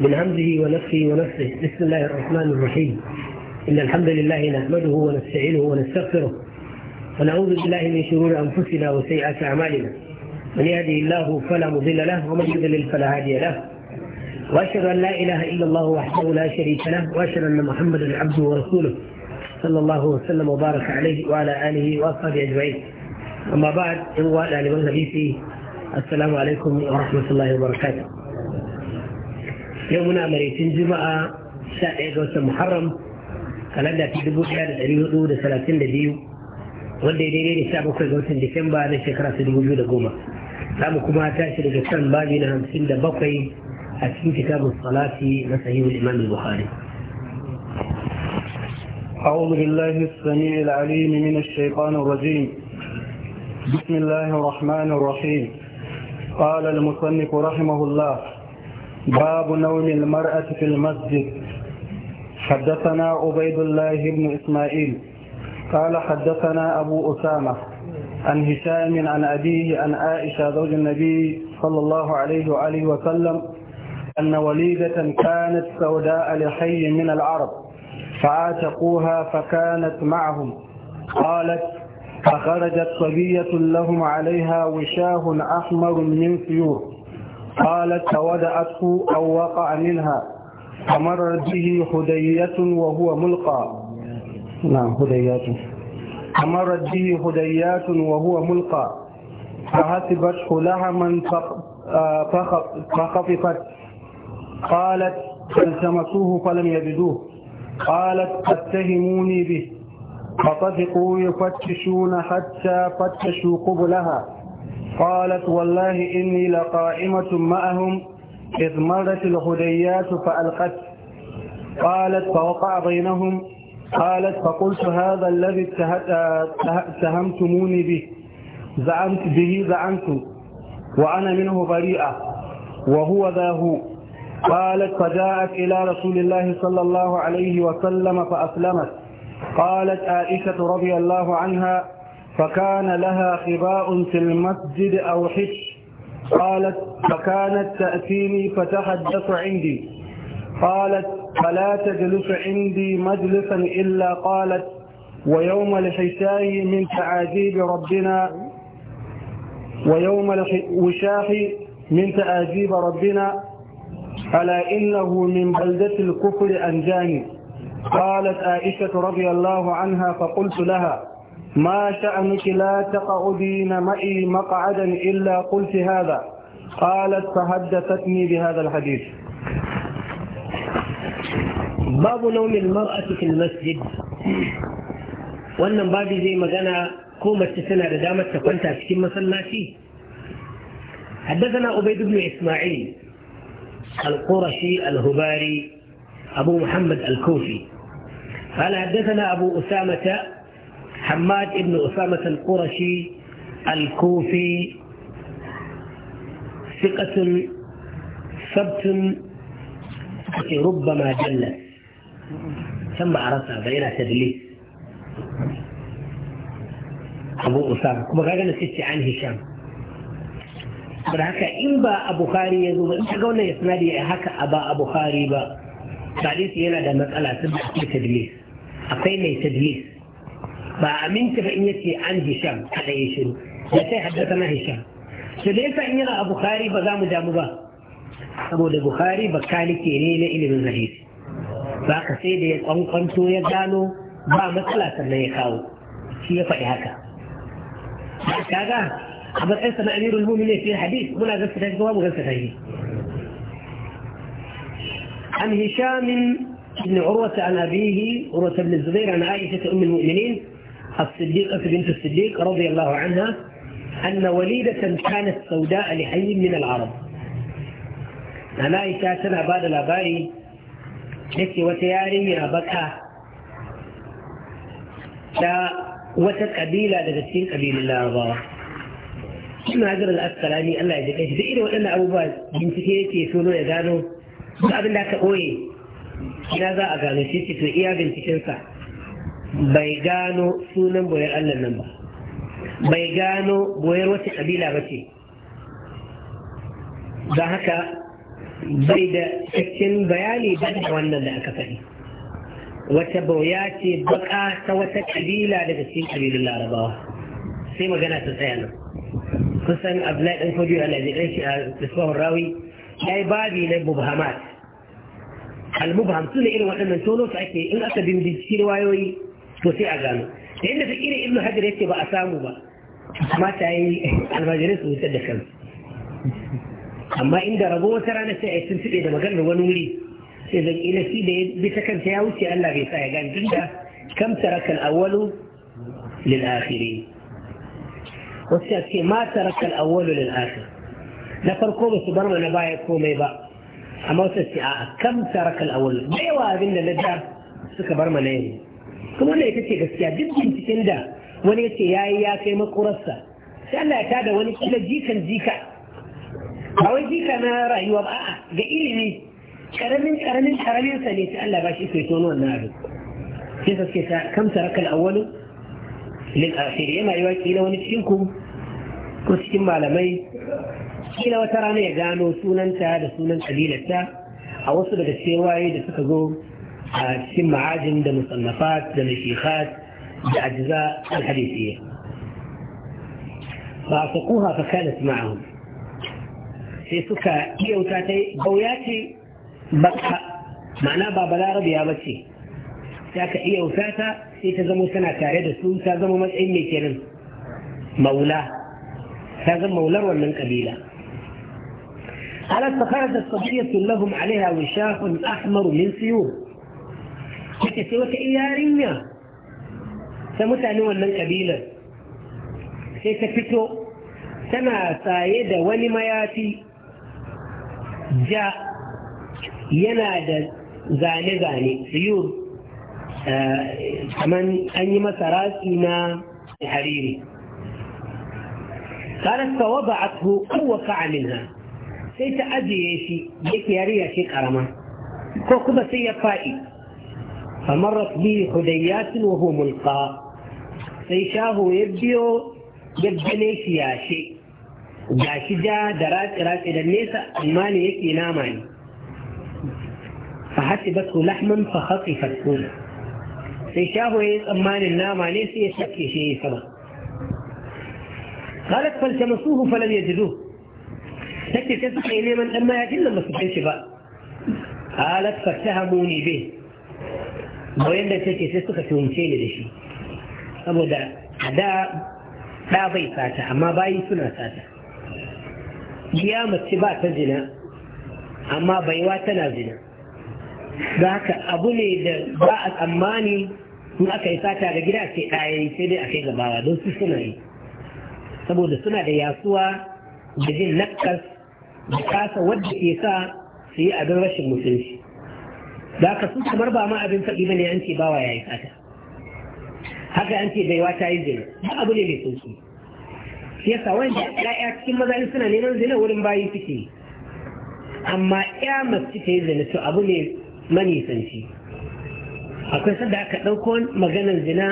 من همزه ونفسه ونفسه بسم الله الرحمن الرحيم إن الحمد لله نحمده ونستعينه ونستغفره ونعوذ بالله من شرور أنفسنا وسيئات أعمالنا من يهده الله فلا مضل له ومن يضلل فلا هادي له وأشهد أن لا إله إلا الله وحده لا شريك له وأشهد أن محمدا عبده ورسوله صلى الله وسلم وبارك عليه وعلى آله وأصحابه أجمعين أما بعد إخوة أهل الحديث السلام عليكم ورحمة الله وبركاته يومنا مريتين جمعة سائق محرم كلنا في دبوك يا دريو دو سلاتين لديو ودي دي دي سابو كي غوتين دي كمبا دي شكرا سي دي وجود قوما سابو كما تاشي دي كتان باقي نهام سين دبوكي أسين كتاب الصلاة نسيه الإمام البخاري أعوذ بالله السميع العليم من الشيطان الرجيم بسم الله الرحمن الرحيم قال المصنف رحمه الله باب نوم المرأة في المسجد حدثنا عبيد الله بن إسماعيل قال حدثنا أبو أسامة عن هشام عن أبيه عن عائشة زوج النبي صلى الله عليه وآله وسلم أن وليدة كانت سوداء لحي من العرب فعاتقوها فكانت معهم قالت فخرجت صبية لهم عليها وشاه أحمر من سيور قالت فودعته أو وقع منها فمر به هدية وهو ملقى نعم هديات فمرت به هديات وهو ملقى فحسبته لهما فخففت قالت فالتمسوه فلم يجدوه قالت اتهموني به فطفقوا يفتشون حتى فتشوا قبلها قالت والله إني لقائمة معهم إذ مرت الهديات فألقت قالت فوقع بينهم قالت فقلت هذا الذي اتهمتموني به زعمت به زعمت وأنا منه بريئة وهو ذا هو قالت فجاءت إلى رسول الله صلى الله عليه وسلم فأسلمت قالت عائشة رضي الله عنها فكان لها خباء في المسجد أو حش قالت فكانت تأتيني فتحدث عندي قالت فلا تجلس عندي مجلسا إلا قالت ويوم الحشاي من تعاجيب ربنا ويوم الوشاح من تعاجيب ربنا ألا إنه من بلدة الكفر أنجاني قالت عائشة رضي الله عنها فقلت لها ما شأنك لا تقعدين معي مقعدا إلا قلت هذا قالت فحدثتني بهذا الحديث باب نوم المرأة في المسجد wannan بابي زي ما قال كومة سنة ردامة damar في كم cikin فيه حدثنا عبيد بن إسماعيل القرشي الهباري أبو محمد الكوفي قال حدثنا أبو أسامة حماد بن أسامة القرشي الكوفي ثقة ثبت ربما جلس ثم عرفها بين تدليس أبو أسامة كما قال ست عن هشام هكا إن با أبو خاري يزوم إن تقولنا يسنادي هكا أبا أبو خاري با بعد يسينا دا مسألة سبع تدليس أقيم تدليس فأمنت فإن يتي عن هشام هذا يشير يتي حدثنا هشام فليس إن أنا أبو خاري بغام جامبا أبو البخاري بكالي كيريلة إلي من الحديث فأخا سيدي يتقنقنتو يدانو با مطلع سنة يخاو يفعي هكا كذا أبو الحسن أنا أمير المؤمنين في الحديث ولا غسل هذه جواب وغسل عن هشام بن عروة عن أبيه عروة بن الزبير عن عائشة أم المؤمنين الصديقة بنت الصديق رضي الله عنها أن وليدة كانت سوداء لحي من العرب أنا إيشا سنة بعد الأباري نكي وتياري يا أبكا شا وتت قبيلة لغسين قبيل الله أبا شنو هجر الأسفل الله يجب إيش بإيه وإن أبو باز من تكيتي يسولو يدانو بعد الله تقوي هذا أغاني سيسي تو إيا بنت كنسا bai gano sunan boyar Allah nan ba bai gano boyar wata kabila ba ce don haka bai da cikin bayani ba da wannan da aka faɗi wata bauya ce baka ta wata kabila daga cikin kabilun larabawa sai magana ta tsaya nan kusan abdullahi ɗan kwajo a lajiran shi a tsohon rawi ya yi babi na mubhamat al-mubham su ne irin waɗannan tono su ake in aka binciki wayoyi توسي أغانو لأن في إيري إبن حجر يتبع أسامو با ما تأي المجلس ويتدخل أما إن درغو وسرانا سيئة سنسل إذا مغل ونوري إذا إلا سيدي بسكن سيأوتي ألا في سيغان جندا كم ترك الأول للآخرين وسيأتي ما ترك الأول للآخر نفرقو بسبرنا نبايا كومي با أما كم ترك الأول بيوا أذن لدار kuma ne ita ce gaskiya duk binciken da wani yace yayi ya kai makurarsa sai Allah ya tada wani kila jikan jika ba wai jika na rayuwa ba a ga ilimi karamin karamin karamin sa ne sai Allah ba shi sai tono wannan abin sai sa ta kam taraka al-awwal lil akhir yana yawa kila wani cikin ku ko cikin malamai kila wata rana ya gano sunanta da sunan kabilarta a wasu daga cewaye da suka zo في عاجم ده مصنفات ده مشيخات لأجزاء الحديثية فأفقوها فكانت معهم في سكا إيه هي وتاتي بوياتي بقى معناه بابا لا ربي يا بشي هي إيه وتاتا هي تزمو سنة تاريد السلوم تزمو مجعيني كرم مولا تزمو مولا ومن قبيلة على فخرجت الصبية لهم عليها وشاق أحمر من سيوه yake sai wata yarinya ta mutane wannan kabilar sai ta fito tana saye da wani mayafi ja yana da zane-zane siyur eh, kamar an yi masa ratsi na hariri ba فوضعته kowa وقع منها sai ta ajiye shi yake yariya ce karama ko kuma sai ya faɗi فمرت به حديات وهو ملقى فيشاه يبدو بالجنيسيا شيء جاشجا دراك راك إلى النيسة الماني يكي ناماني فحسبته لحما فخطفت كونه فيشاه يسأماني الناماني سيشكي شيء فما قالت فالتمسوه فلم يجدوه تكي تسحي لمن أما يجل الله سبحانه قالت فاتهموني به nauyin da take sai suka tuhumce ni da shi saboda a da ɗa bai sata amma bayi suna sata biya mace ba ta jina amma baiwa tana jina da haka abu ne da ba a tsammani in aka yi sata da gida ce ɗaya sai dai a kai gabawa don su suna yi saboda suna da yasuwa da jin nakas da kasa wadda ke sa su yi abin rashin mutunci da aka sun kamar ba ma abin faɗi ne an ce bawa yayi fata haka an ce baiwa ta yi zina ba abu ne mai sauki shi yasa wanda ya'ya cikin maza in suna neman zina wurin bayi suke amma ya mace ta yi zina to abu ne manisanci akwai sadda aka ɗauko maganar zina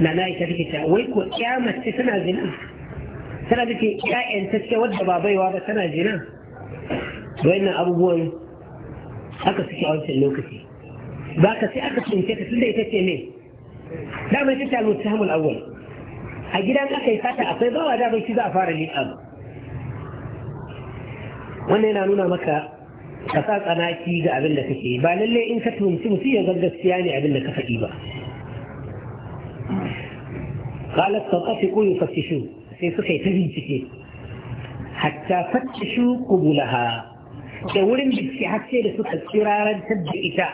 na na ita take ta wai ko ya mace tana zina tana da ya'yan ta ce wadda ba baiwa ba tana zina wannan abubuwan haka suke a wancan lokaci ba ka sai aka tsince ta tunda ita ce ne damar ita ce almutahamul awwal a gidan aka yi sata akwai bawa damar shi za a fara liƙa wannan yana nuna maka ka sa tsanaki ga abin da kake ba lalle in ka tuhumci mutum ya gaskiya ne abin da ka faɗi ba قالت ستطفقوا يفتشوا sai suka yi ta bincike hatta fattashu bulaha. da wurin bincike har sai da suka kiraran da ita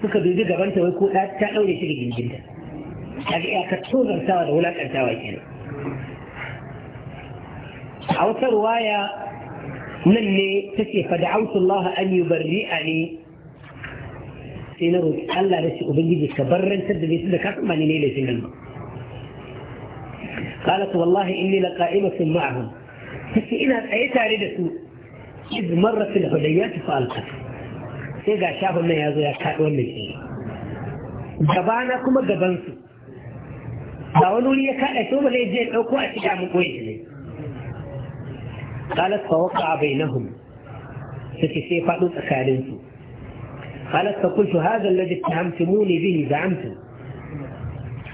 suka dubi gabanta wai ko ta ɗaure shi da gindinta a ga iyakar tozartawa da wulaƙantawa kenan a wata ruwaya nan ne ta ce fa da Allah an yi barri a ne sai na roƙi Allah da shi Ubangiji ka barrantar da su da ka tsammani ne laifin nan ba. Qalat wallahi inni laqa'imatun ma'ahum. Tace ina tsaye tare da su iz marrat da hudayyat fa alqa sai ga shafin nan yazo ya kaɗi wannan shi gabana kuma gaban su ba wani wuri ya kaɗa to ba zai je ɗauko a cikin mu koyi ne qalat fa waqa bainahum sai sai faɗo tsakanin su qalat fa qultu hadha alladhi tahamtumuni bihi za'amtum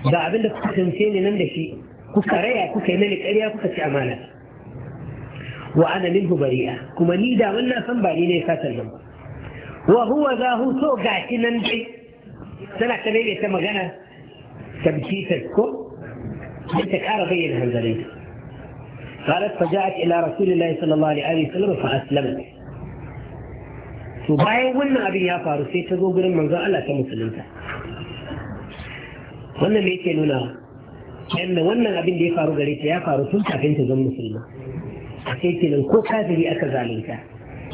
abinda kuka tantance ni nan da shi kuka raya kuka yi mani ƙarya kuka ci amana وأنا منه بريئة كما نيدا ونا فن باري لي فاتنهم وهو ذا هو سوء قاعتنا نبي سنة كبيرة كما غنى تبكي تذكر أنت كار بيّن هذا قالت فجاءت إلى رسول الله صلى الله عليه وسلم فأسلمت فبايا ونا أبي يا فارسي تقول قرم من ذا ألا تمسلمت ونا ميتين هنا أن ونا أبي يا فارسي يا فارسي تقول قرم زم ذا حكيتي لنكو كافري أكذا لنكا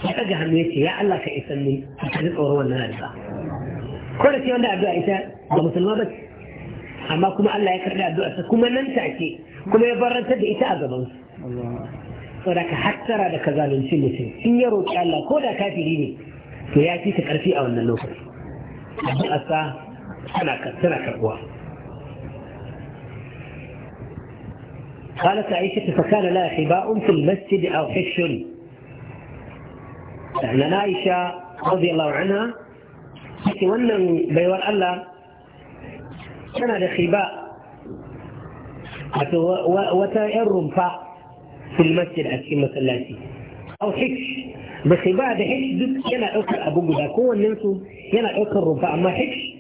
أكذا هميتي يا الله كإسان من أكذب أوروان نالبا كل شيء عند أبو عيسى ومسلمة بك أما كما الله يكرر أبو عيسى كما ننسعك كما يبرن سد إيسى أبو عيسى ولك حتى رأى كذا لنسي مسلم إن يروك الله كودا كافري لي فياتي تكرفي أولا نوكر أبو عيسى سنكر سنكر بواه قالت عائشة فكان لها حباء في المسجد أو حش يعني عائشة رضي الله عنها تتمنى بيور الله كان هذا خباء وتأرم فا في المسجد أسيمة اللاتي أو حش بخباء ده حش دك ينا أكر أبو جدا كون ننسو ينا أكر رفا ما حش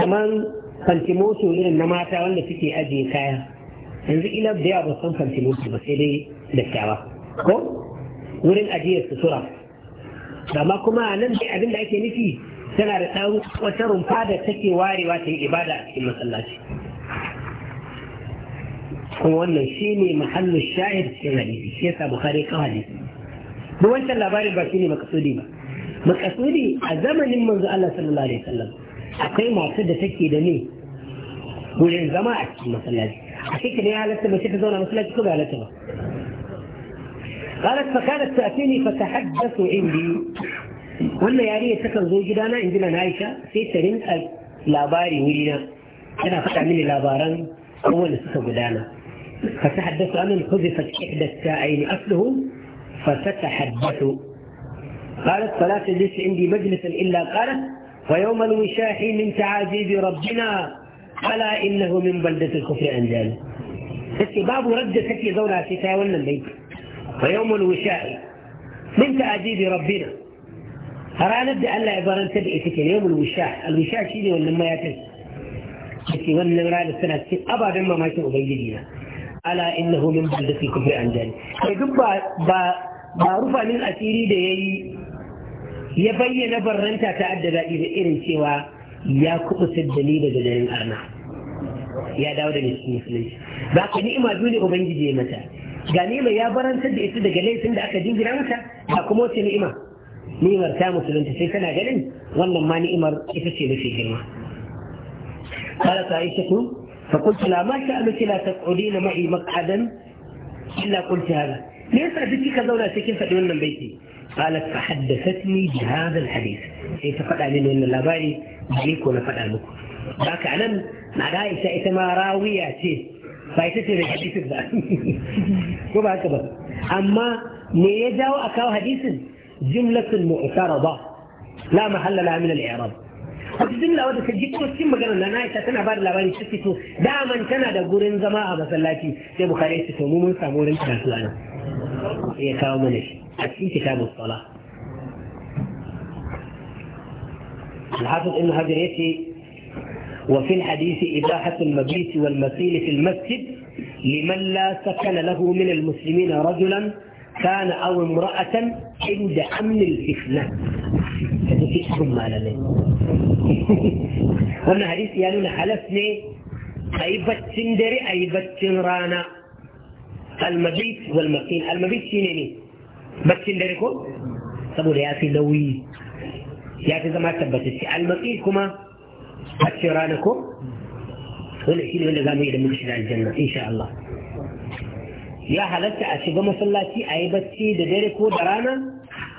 كمان فانتموسو إلى النماتة ولا تتي أجي خيا yanzu ila da yawa ba san kantiloci ba sai dai da kyawa ko wurin ajiyar sutura amma kuma nan dai abin da ake nufi tana da ɗan wata rumfa da take warewa ta yi ibada a cikin masallaci kuma wannan shi ne mahallu shahid cikin hadisi shi yasa bukhari kan hadisi duk wancan labarin ba shi ne makasudi ba makasudi a zamanin manzo Allah sallallahu alaihi wasallam akwai masu da take da ne wurin zama a cikin masallaci حكيت لي قالت لما شفت دونا مثلا كده قالت له قالت فكانت تأتيني فتحدث عندي ولا يا ريت تكن زوجي دانا عندنا نايشة في سرين لاباري ولينا أنا فتح مني لاباران هو اللي سكب دانا فتحدثوا أنا انحذفت إحدى الساعين أصله فتتحدثوا قالت فلا تجلس عندي مجلسا إلا قالت ويوم الوشاح من تعاجيب ربنا ألا إنه من بلدة الكفر أنجال تسي باب رد زولا زونا ولا والنبي ويوم الوشاء من تأديب ربنا هرا نبدأ ألا عبارة تبقي تكي يوم الوشاء الوشاء شيني ما يتس تكي ونمرا للسنة تكي أبا بما ما يتم أبيدينا ألا إنه من بلدة الكفر أنجال فيقب ba rufanin asiri من اسيري ده يبين برنتا barranta ta addada irin ya kuɓa sirdani daga daren arna ya dawo da musulunci ba ka ni'ima duniya ubangiji ya mata ga ni'ima ya barantar da ita daga laifin da aka jingina mata ba kuma wace ni'ima ni'imar ta musulunci sai kana ganin wannan ma ni'imar ita ce mafi girma kala ta aisha ku fa kuntu la ma sha'a laki la taq'udina ma'i maq'adan ne yasa duk kika zauna cikin faɗi wannan baiti قالت فحدثتني بهذا الحديث اي فقد علينا ان الاباري عليك ولا فقد علمك ذاك علم مع رائسة اتما راوية تيه فايتتي الحديث ذا شو بهاك بس اما نيجاو اكاو حديث جملة معترضة لا محل لها من الاعراب الجملة وده تجيك كم مقال لا نايسة تنا بار لا باني شكتو دائما كان ده قرن زماء بس اللاتي تبو خريسة ومو من سامورن تنا سلانا ايه كاو في كتاب الصلاة الحافظ ابن حجر يأتي وفي الحديث إباحة المبيت والمسيل في المسجد لمن لا سكن له من المسلمين رجلا كان أو امرأة عند أمن الفتنة هذا حكم ما لنا لي وانا حديث nuna halas ne a yi baccin dare a yi baccin baccin dare ko saboda ya fi nauyi ya fi zama tabbatacce almaki kuma baccin rana ko wanda shi ne wanda za mu yi da muke shiga aljanna insha Allah ya halatta a shiga masallaci a yi bacci da dare ko da rana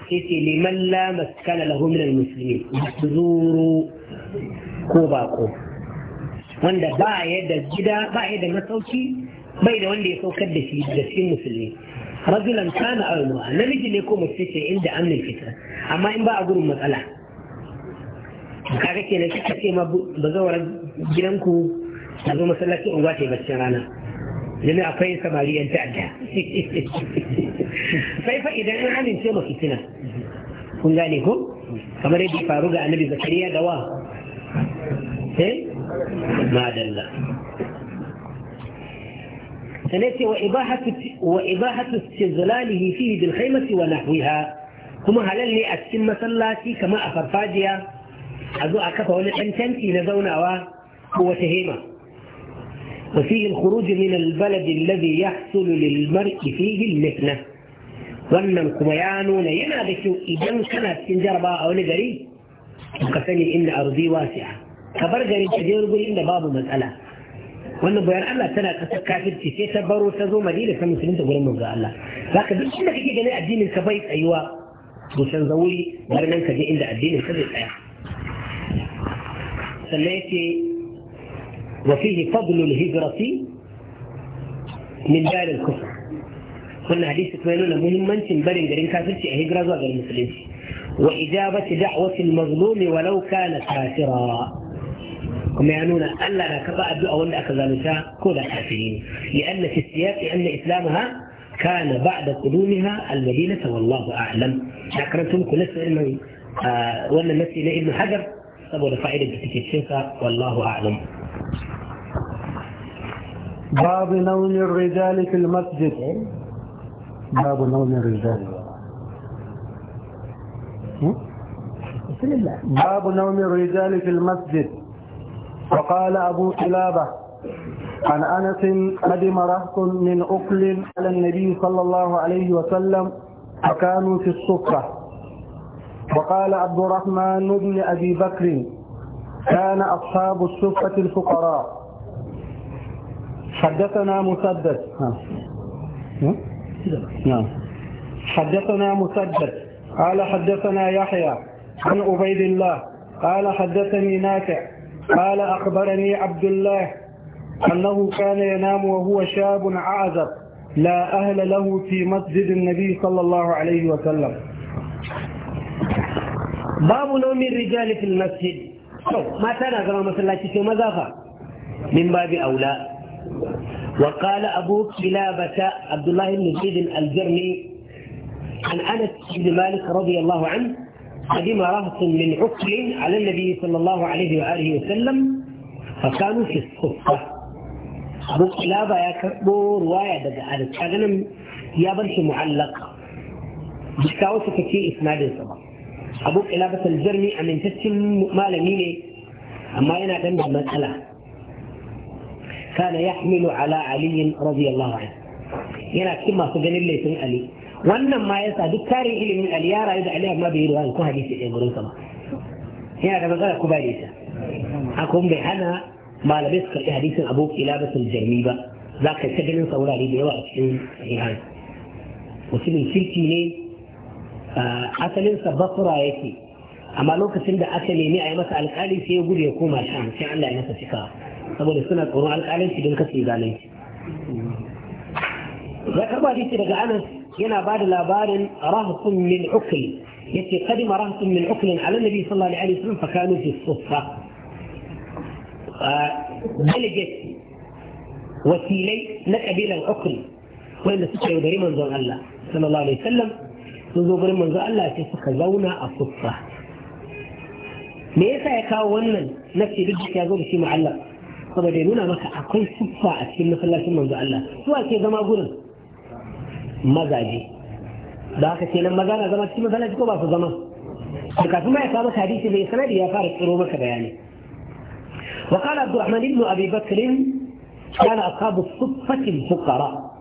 sai ce liman la maskana lahu min almuslimin zuru ko bako wanda ba ya da gida ba ya da masauki bai da wanda ya saukar da shi da cikin musulmi rajulan kana aw namiji ne ko mace ce inda amnil fita, amma in ba a gurin matsala kaga kenan kika ce ma bazawar gidanku a zo masallaci unguwa ta yi baccin rana yana akwai samari yan ta'adda sai fa idan an amince ma fitina kun gane ko kamar yadda faru ga annabi zakariya da wa eh madalla ثلاثة وإباحة, وإباحة استزلاله فيه بالخيمة ونحوها كما هلل لي أتسمى صلاتي كما أخر فاجئة أزو أكفى ولحن نزونا و هو تهيمة وفيه الخروج من البلد الذي يحصل للمرء فيه اللفنة ونن كميانو لينا بكيو إبن كان أتسنجر باء أولى جري وكفني إن أرضي واسعة كبر جري إن باب مسألة wannan bayan Allah tana kasar kafirci sai ta baro ta zo Madina ta musulun ta gurin manzo Allah zaka duk inda kake ganin addinin ka bai tsayuwa to san zauri bar nan ka je inda addinin ka zai tsaya sannan yake wa fihi fadlul hijrati min dar al-kufr wannan hadisi kuma nuna muhimmancin barin garin kafirci a hijira zuwa garin musulunci wa ijabati da'wati al-mazlumi walau kana kafira كما يعنون ألا نكبا أبدو أولا نساء كل حافلين لأن في السياق أن إسلامها كان بعد قدومها المدينة والله أعلم شكرتم كل من ولا نسي ابن حجر سبو لفعيد بسكتشنك والله أعلم باب نوم الرجال في المسجد باب نوم الرجال باب نوم الرجال في المسجد وقال أبو قلابة عن أنس قدم رهط من أكل على النبي صلى الله عليه وسلم فكانوا في الصفة وقال عبد الرحمن بن أبي بكر كان أصحاب الصفة الفقراء حدثنا مسدد نعم حدثنا مسدد قال حدثنا يحيى عن عبيد الله قال حدثني نافع قال أخبرني عبد الله أنه كان ينام وهو شاب عازب لا أهل له في مسجد النبي صلى الله عليه وسلم باب نوم الرجال في المسجد ما كان كما مسلاتي كيف مزافة من باب أولى وقال أبو كلابة عبد الله بن زيد الجرمي عن أنس بن مالك رضي الله عنه قدم رهط من عقل على النبي صلى الله عليه وآله وسلم فكانوا في الصفة ابو لا يا كبور ويا على الشغنم يا بنت معلق بشتاوسة في إسماعيل الصبا أبو إلابة الجرمي أمن تسم مال ميني أما أنا عندما المسألة كان يحمل على علي رضي الله عنه يعني كما سجن الله علي wannan ma yasa duk tarin ilimin ali ya rayu da ali amma bai ruwa ko hadisi ɗaya gurin sama yana da matsala ku bai ta akwai bai hana malamai su karɓi hadisin abu sun jarmi ba za ka ta ganin saurari da yawa a cikin sahihan mutumin kirki ne asalinsa basura yake amma lokacin da aka nemi a yi masa alƙali sai ya gudu ya koma sham sai Allah ya masa cika saboda suna tsoron shi don kasa zalunci ya karɓa hadisi daga anas yana ba da labarin rahsun min ukli yace kadima rahsun min uklin ala nabi sallallahu alaihi wasallam fa kanu fi suffa delegate wakilai na kabilan ukli wanda suka yaudari manzon Allah sallallahu alaihi wasallam sun zo gurin manzon Allah sai suka zauna a suffa me yasa ya kawo wannan nafsi duk ya zo da shi mu'allaf saboda ya nuna maka akwai suffa a cikin masallacin manzo Allah su ke zama gurin mazaje da haka ce nan maza na zama cikin masallaci ko ba su zama da kafin ma ya samu hadisi mai sanadi ya fara tsiro maka bayani wa qala abdurrahman ibn abi bakr كان أصحاب الصفة الفقراء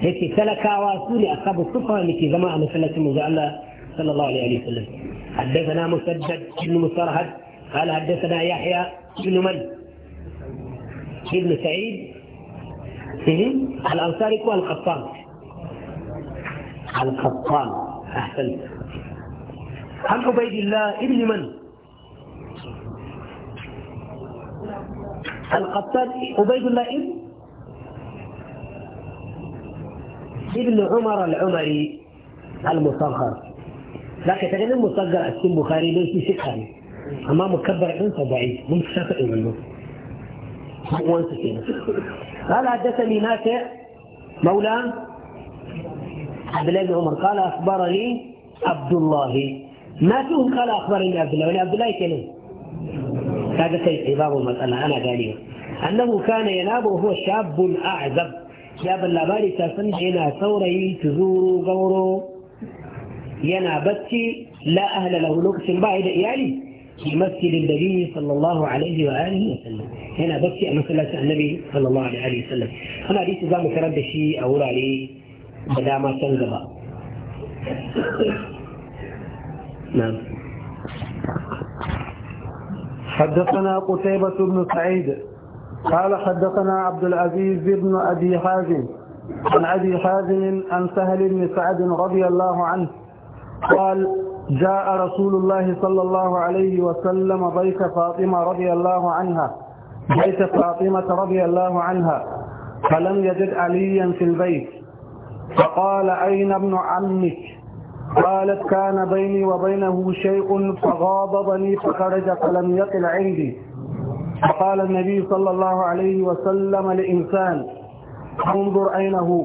هيك سلكا واسولي أصحاب zama a زمان manzo Allah sallallahu alaihi wa sallam حدثنا musaddad ibn مسرهد قال حدثنا يحيى بن من؟ ابن سعيد الأنصاري والقطان القطان أحسنت عن عبيد الله ابن من القطان عبيد الله ابن ابن عمر العمري المصغر لكن تجد المصغر اسم بخاري ليس ثقة أما مكبر أنت ضعيف ممكن شافعي منه وانت كده قال حدثني نافع مولاه عبد الله بن عمر قال أخبرني عبد الله ما فيهم قال أخبرني عبد الله عبد الله كلمة هذا شيء باب المسألة أنا قاليه أنه كان ينام وهو شاب أعزب شاب بالي تاسن هنا ثوري تزور غورو ينا بتي لا أهل له لوكس بعد يعني في مسجد النبي صلى الله عليه وآله وسلم هنا بتي مثل النبي صلى الله عليه وسلم أنا ليس زام كرد شيء أقول عليه da ما can نعم حدثنا قتيبة بن سعيد قال حدثنا عبد العزيز بن أبي حازم عن أبي حازم عن سهل بن سعد رضي الله عنه قال جاء رسول الله صلى الله عليه وسلم بيت فاطمة رضي الله عنها بيت فاطمة رضي الله عنها فلم يجد عليا في البيت فقال أين ابن عمك قالت كان بيني وبينه شيء فغاضبني فخرج فلم يقل عندي فقال النبي صلى الله عليه وسلم لإنسان انظر أين هو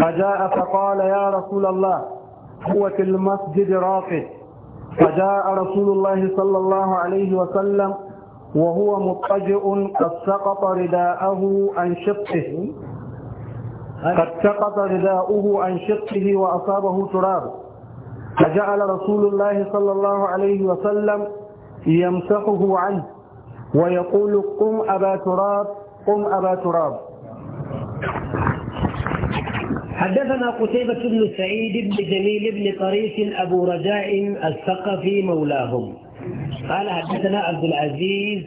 فجاء فقال يا رسول الله هو في المسجد راقد فجاء رسول الله صلى الله عليه وسلم وهو مضطجئ قد سقط رداءه عن شقه قد سقط رداؤه عن شقه وأصابه تراب فجعل رسول الله صلى الله عليه وسلم يمسحه عنه ويقول قم أبا تراب قم أبا تراب حدثنا قتيبة بن سعيد بن جميل بن طريف أبو رجاء الثقفي مولاهم قال حدثنا عبد العزيز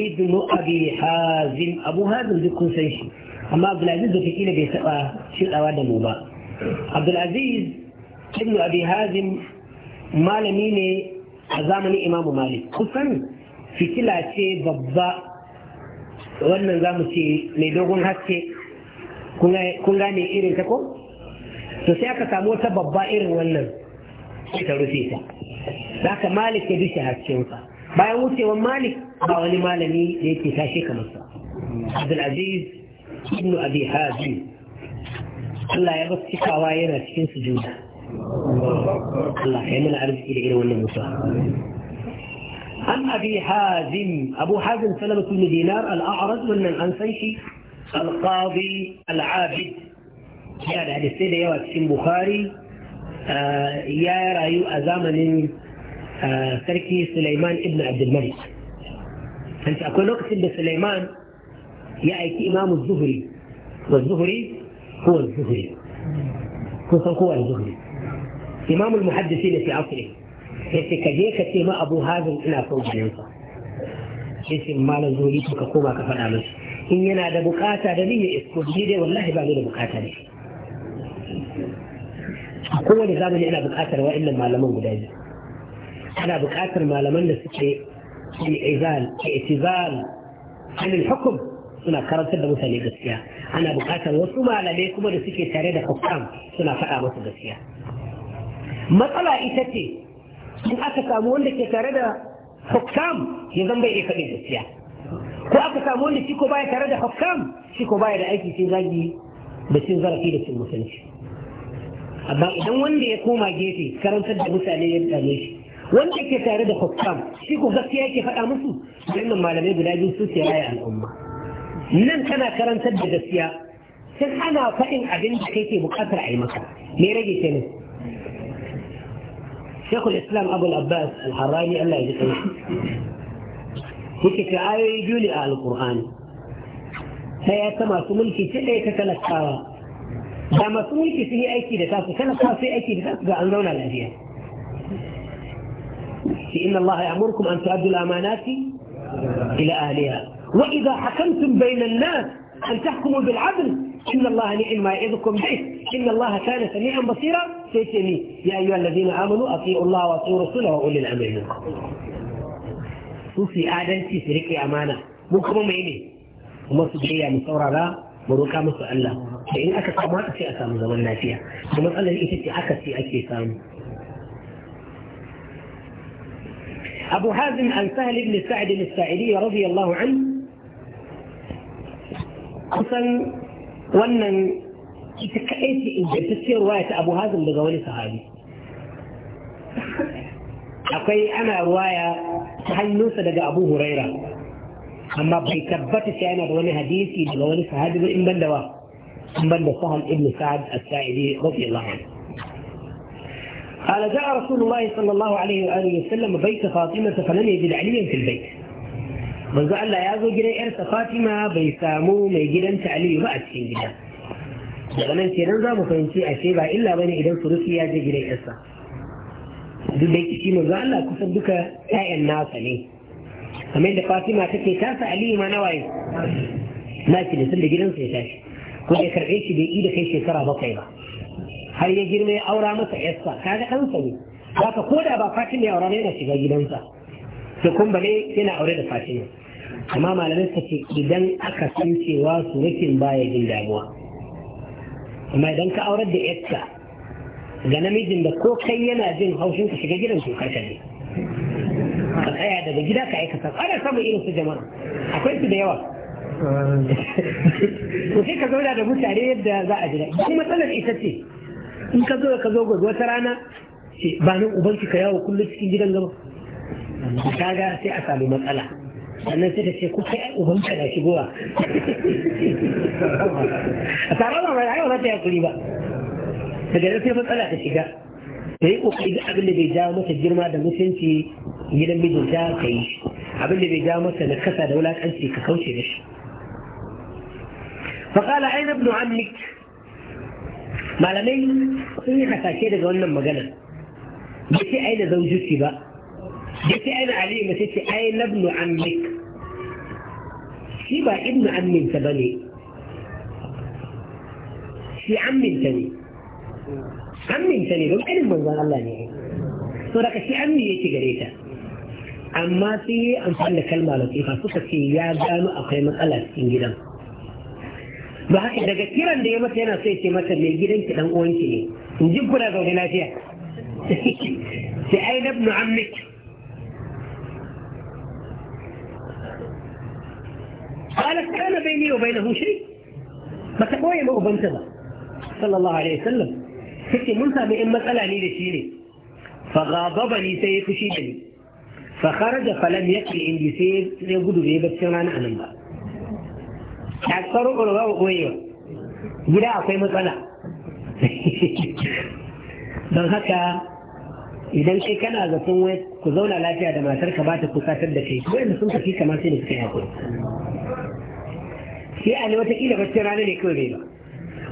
ابن أبي حازم أبو هذا ذكر سيشي amma abdulaziz da fikila bai taɓa shiɗawa da mu ba abdulaziz ibn abi hazim malami ne a zamanin imamu malik kusan fitila ce babba wannan za mu ce mai dogon haske kun gane irin ta ko to sai aka samu wata babba irin wannan ta rufe ta da aka malik ya dushe haskensa bayan wucewan malik ba wani malami da yake tashe kamar sa abdulaziz ابن أبي هادي ألا يغسك كواينا تكين سجودة الله يمن عرض إلي إلي ولي موسى أم أبي حازم أبو حازم سلمة بن دينار الأعرض من الأنسيش القاضي العابد يا لهذه السيدة يا واتشين بخاري آه، يا رأيو أزامن تركي آه، سليمان ابن عبد الملك أنت أكون وقت بسليمان يأتي إمام الزهري والزهري هو الزهري كثر هو الزهري إمام المحدثين في عصره يتك جيكة ما أبو هذا إلا فوق ينصر جيس المال الزهري تككوما كفر آمس إن ينادى بقاتا دليه إسكود جيدة والله بعد أبو بقاتا دليه أقوى لزامن إلا بقاتا وإلا ما لم أقود أجل أبو بقاتا ما لم أنسك في إعزال في إعتزال عن الحكم suna karantar da mutane gaskiya ana buƙatar wasu malamai kuma da suke tare da hukam suna faɗa musu gaskiya matsala ita ce in aka samu wanda ke tare da hukam ya zan bai iya faɗi gaskiya ko aka samu wanda shi ko baya tare da hukam shi ko baya da aiki cin zagi da cin zarafi da cin mutunci amma idan wanda ya koma gefe karantar da mutane ya dame shi wanda ke tare da hukam shi ko gaskiya yake faɗa musu wannan malamai guda biyu su ke raya al'umma nan kana karantar da gaskiya sun ana faɗin abin da kai ke buƙatar a yi maka me rage ke ne shekul islam abu abbas al-harani allah ya ji kai yake ta ayoyi biyu ne a sai ya ta masu mulki ce ɗaya ta talakawa da masu mulki sun yi aiki da tasu talakawa sai aiki da tasu ga an zauna lafiya إن الله يأمركم أن تؤدوا الأمانات إلى أهلها وإذا حكمتم بين الناس أن تحكموا بالعدل إن الله نعم ما يعظكم به إن الله كان سميعا بصيرا سيتم يا أيها الذين آمنوا أطيعوا الله وأطيعوا رسوله وأولي الأمر منكم صوفي آدم في سرقة أمانة مكرم عيني وما سبحية مصورة يعني لا مروكا مسؤال لا فإن أكثر ما أكثر أسام زمن نافية ومسألة إتتي أكثر أكثر أسام أبو حازم عن سهل بن سعد الساعدي رضي الله عنه kusan wannan ita kaɗai ce ingantacciyar waya ta abu hazin daga wani sahabi akwai ana ruwaya ta hannunsa daga abu huraira amma bai tabbata sai yana da wani hadisi daga wani sahabi ba in ban da wa in ban da sahal ibn sa'ad as-sa'idi radiyallahu anhu قال جاء رسول الله صلى الله عليه وآله وسلم بيت فاطمة فلم يجد عليا في البيت manzo Allah ya zo gidan yarsa Fatima bai samu mai gidanta Aliyu ba a cikin gida daga nan kenan za mu fahimci ashe ba illa bane idan surufi ya je gidan yarsa duk da yake manzo Allah kusan duka ƴaƴan nasa ne kamar da Fatima take tasa Aliyu ma nawaye ki da tunda gidansa ya tashi ko ya karɓe shi bai yi kai shekara bakwai ba har ya girma ya aura masa yarsa kaga ɗansa ne haka ko da ba Fatima ya aura ne yana shiga gidansa to kun bale yana aure da Fatima amma malamai ta ce idan aka san cewa surukin baya jin damuwa amma idan ka aurar da yarka ga namijin da ko kai yana jin haushin ka shiga gidan tokar ka ne ka tsaya daga gida ka aikata tsara samun irin su jama'a akwai su da yawa ko sai ka zauna da mutane yadda za a jira kuma matsalar ita ce in ka zo ka zo gobe wata rana ba nan ubanki ka yawo kullum cikin gidan gaba kaga sai a samu matsala sannan sai ta ce ku kai uban ka na shigowa a taron ba mai ayyau ta yakuri ba daga nan sai matsala ta shiga ta yi kokari da abin da bai jawo mata girma da mutunci gidan mijinta ta yi abin da bai jawo mata na kasa da wulaƙanci ka kauce da shi فقال أين ابن عمك؟ malamai sun yi hasashe daga wannan magana bai ce aina zaujuki ba yace ana ali ba sai ce ai labnu ammik shi ba ibnu amin ta bane shi amin ta ne amin ta ne don irin manzon Allah ne to daga shi amin yake gare ta amma sai yi amfani da kalma latifa suka ce ya gano akwai matsala cikin gidan ba haka daga kiran da ya mata yana sai ce mata mai gidan ki dan uwanki ne in ji kuna zaune lafiya sai ai nabnu ammik قالت كان بيني وبينه شيء ba ta ɓoye ubanta ba sallallahu alaihi wasallam take mun sami in matsala ne da shi ne fa ghadaba ni sai ya fushi da ni fa kharaja fa lam yakli indi sai ya gudu bai baccin rana anan ba ta tsaro ulwa wa gida akwai matsala don haka idan kai kana zaton wai ku zauna lafiya da matarka ba ta kusatar da kai ko yanda sun tafi kamar sai da suka yi hakuri sai ne watakila bacci rana ne kawai bai ba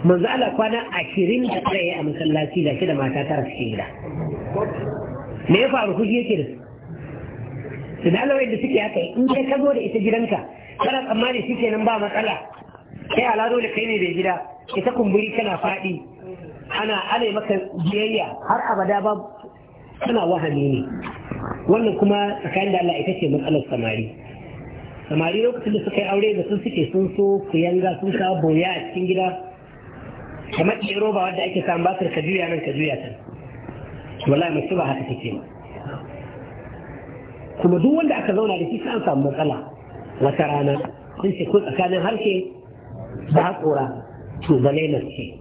manzo Allah kwana ashirin da tsaye a masallaci da shi da mata tara suke gida me ya faru kuji yake da su da alawai da suke haka in kai ka zo da ita gidanka kana tsammani shi nan ba matsala kai alado da kai ne bai gida ita kumburi kana faɗi ana ale maka biyayya har abada ba kana wahani ne wannan kuma tsakanin da Allah ita ce matsalar samari samari lokacin da suka yi aure da sun suke sun so ku yanga sun kawo boya a cikin gida kamar ɗin roba wadda ake samun bakar ka juya nan ka juya can wallahi mace ba haka take kuma duk wanda aka zauna da shi sai an samu matsala wata rana sun ce ko tsakanin harshe da haƙora to balainar ce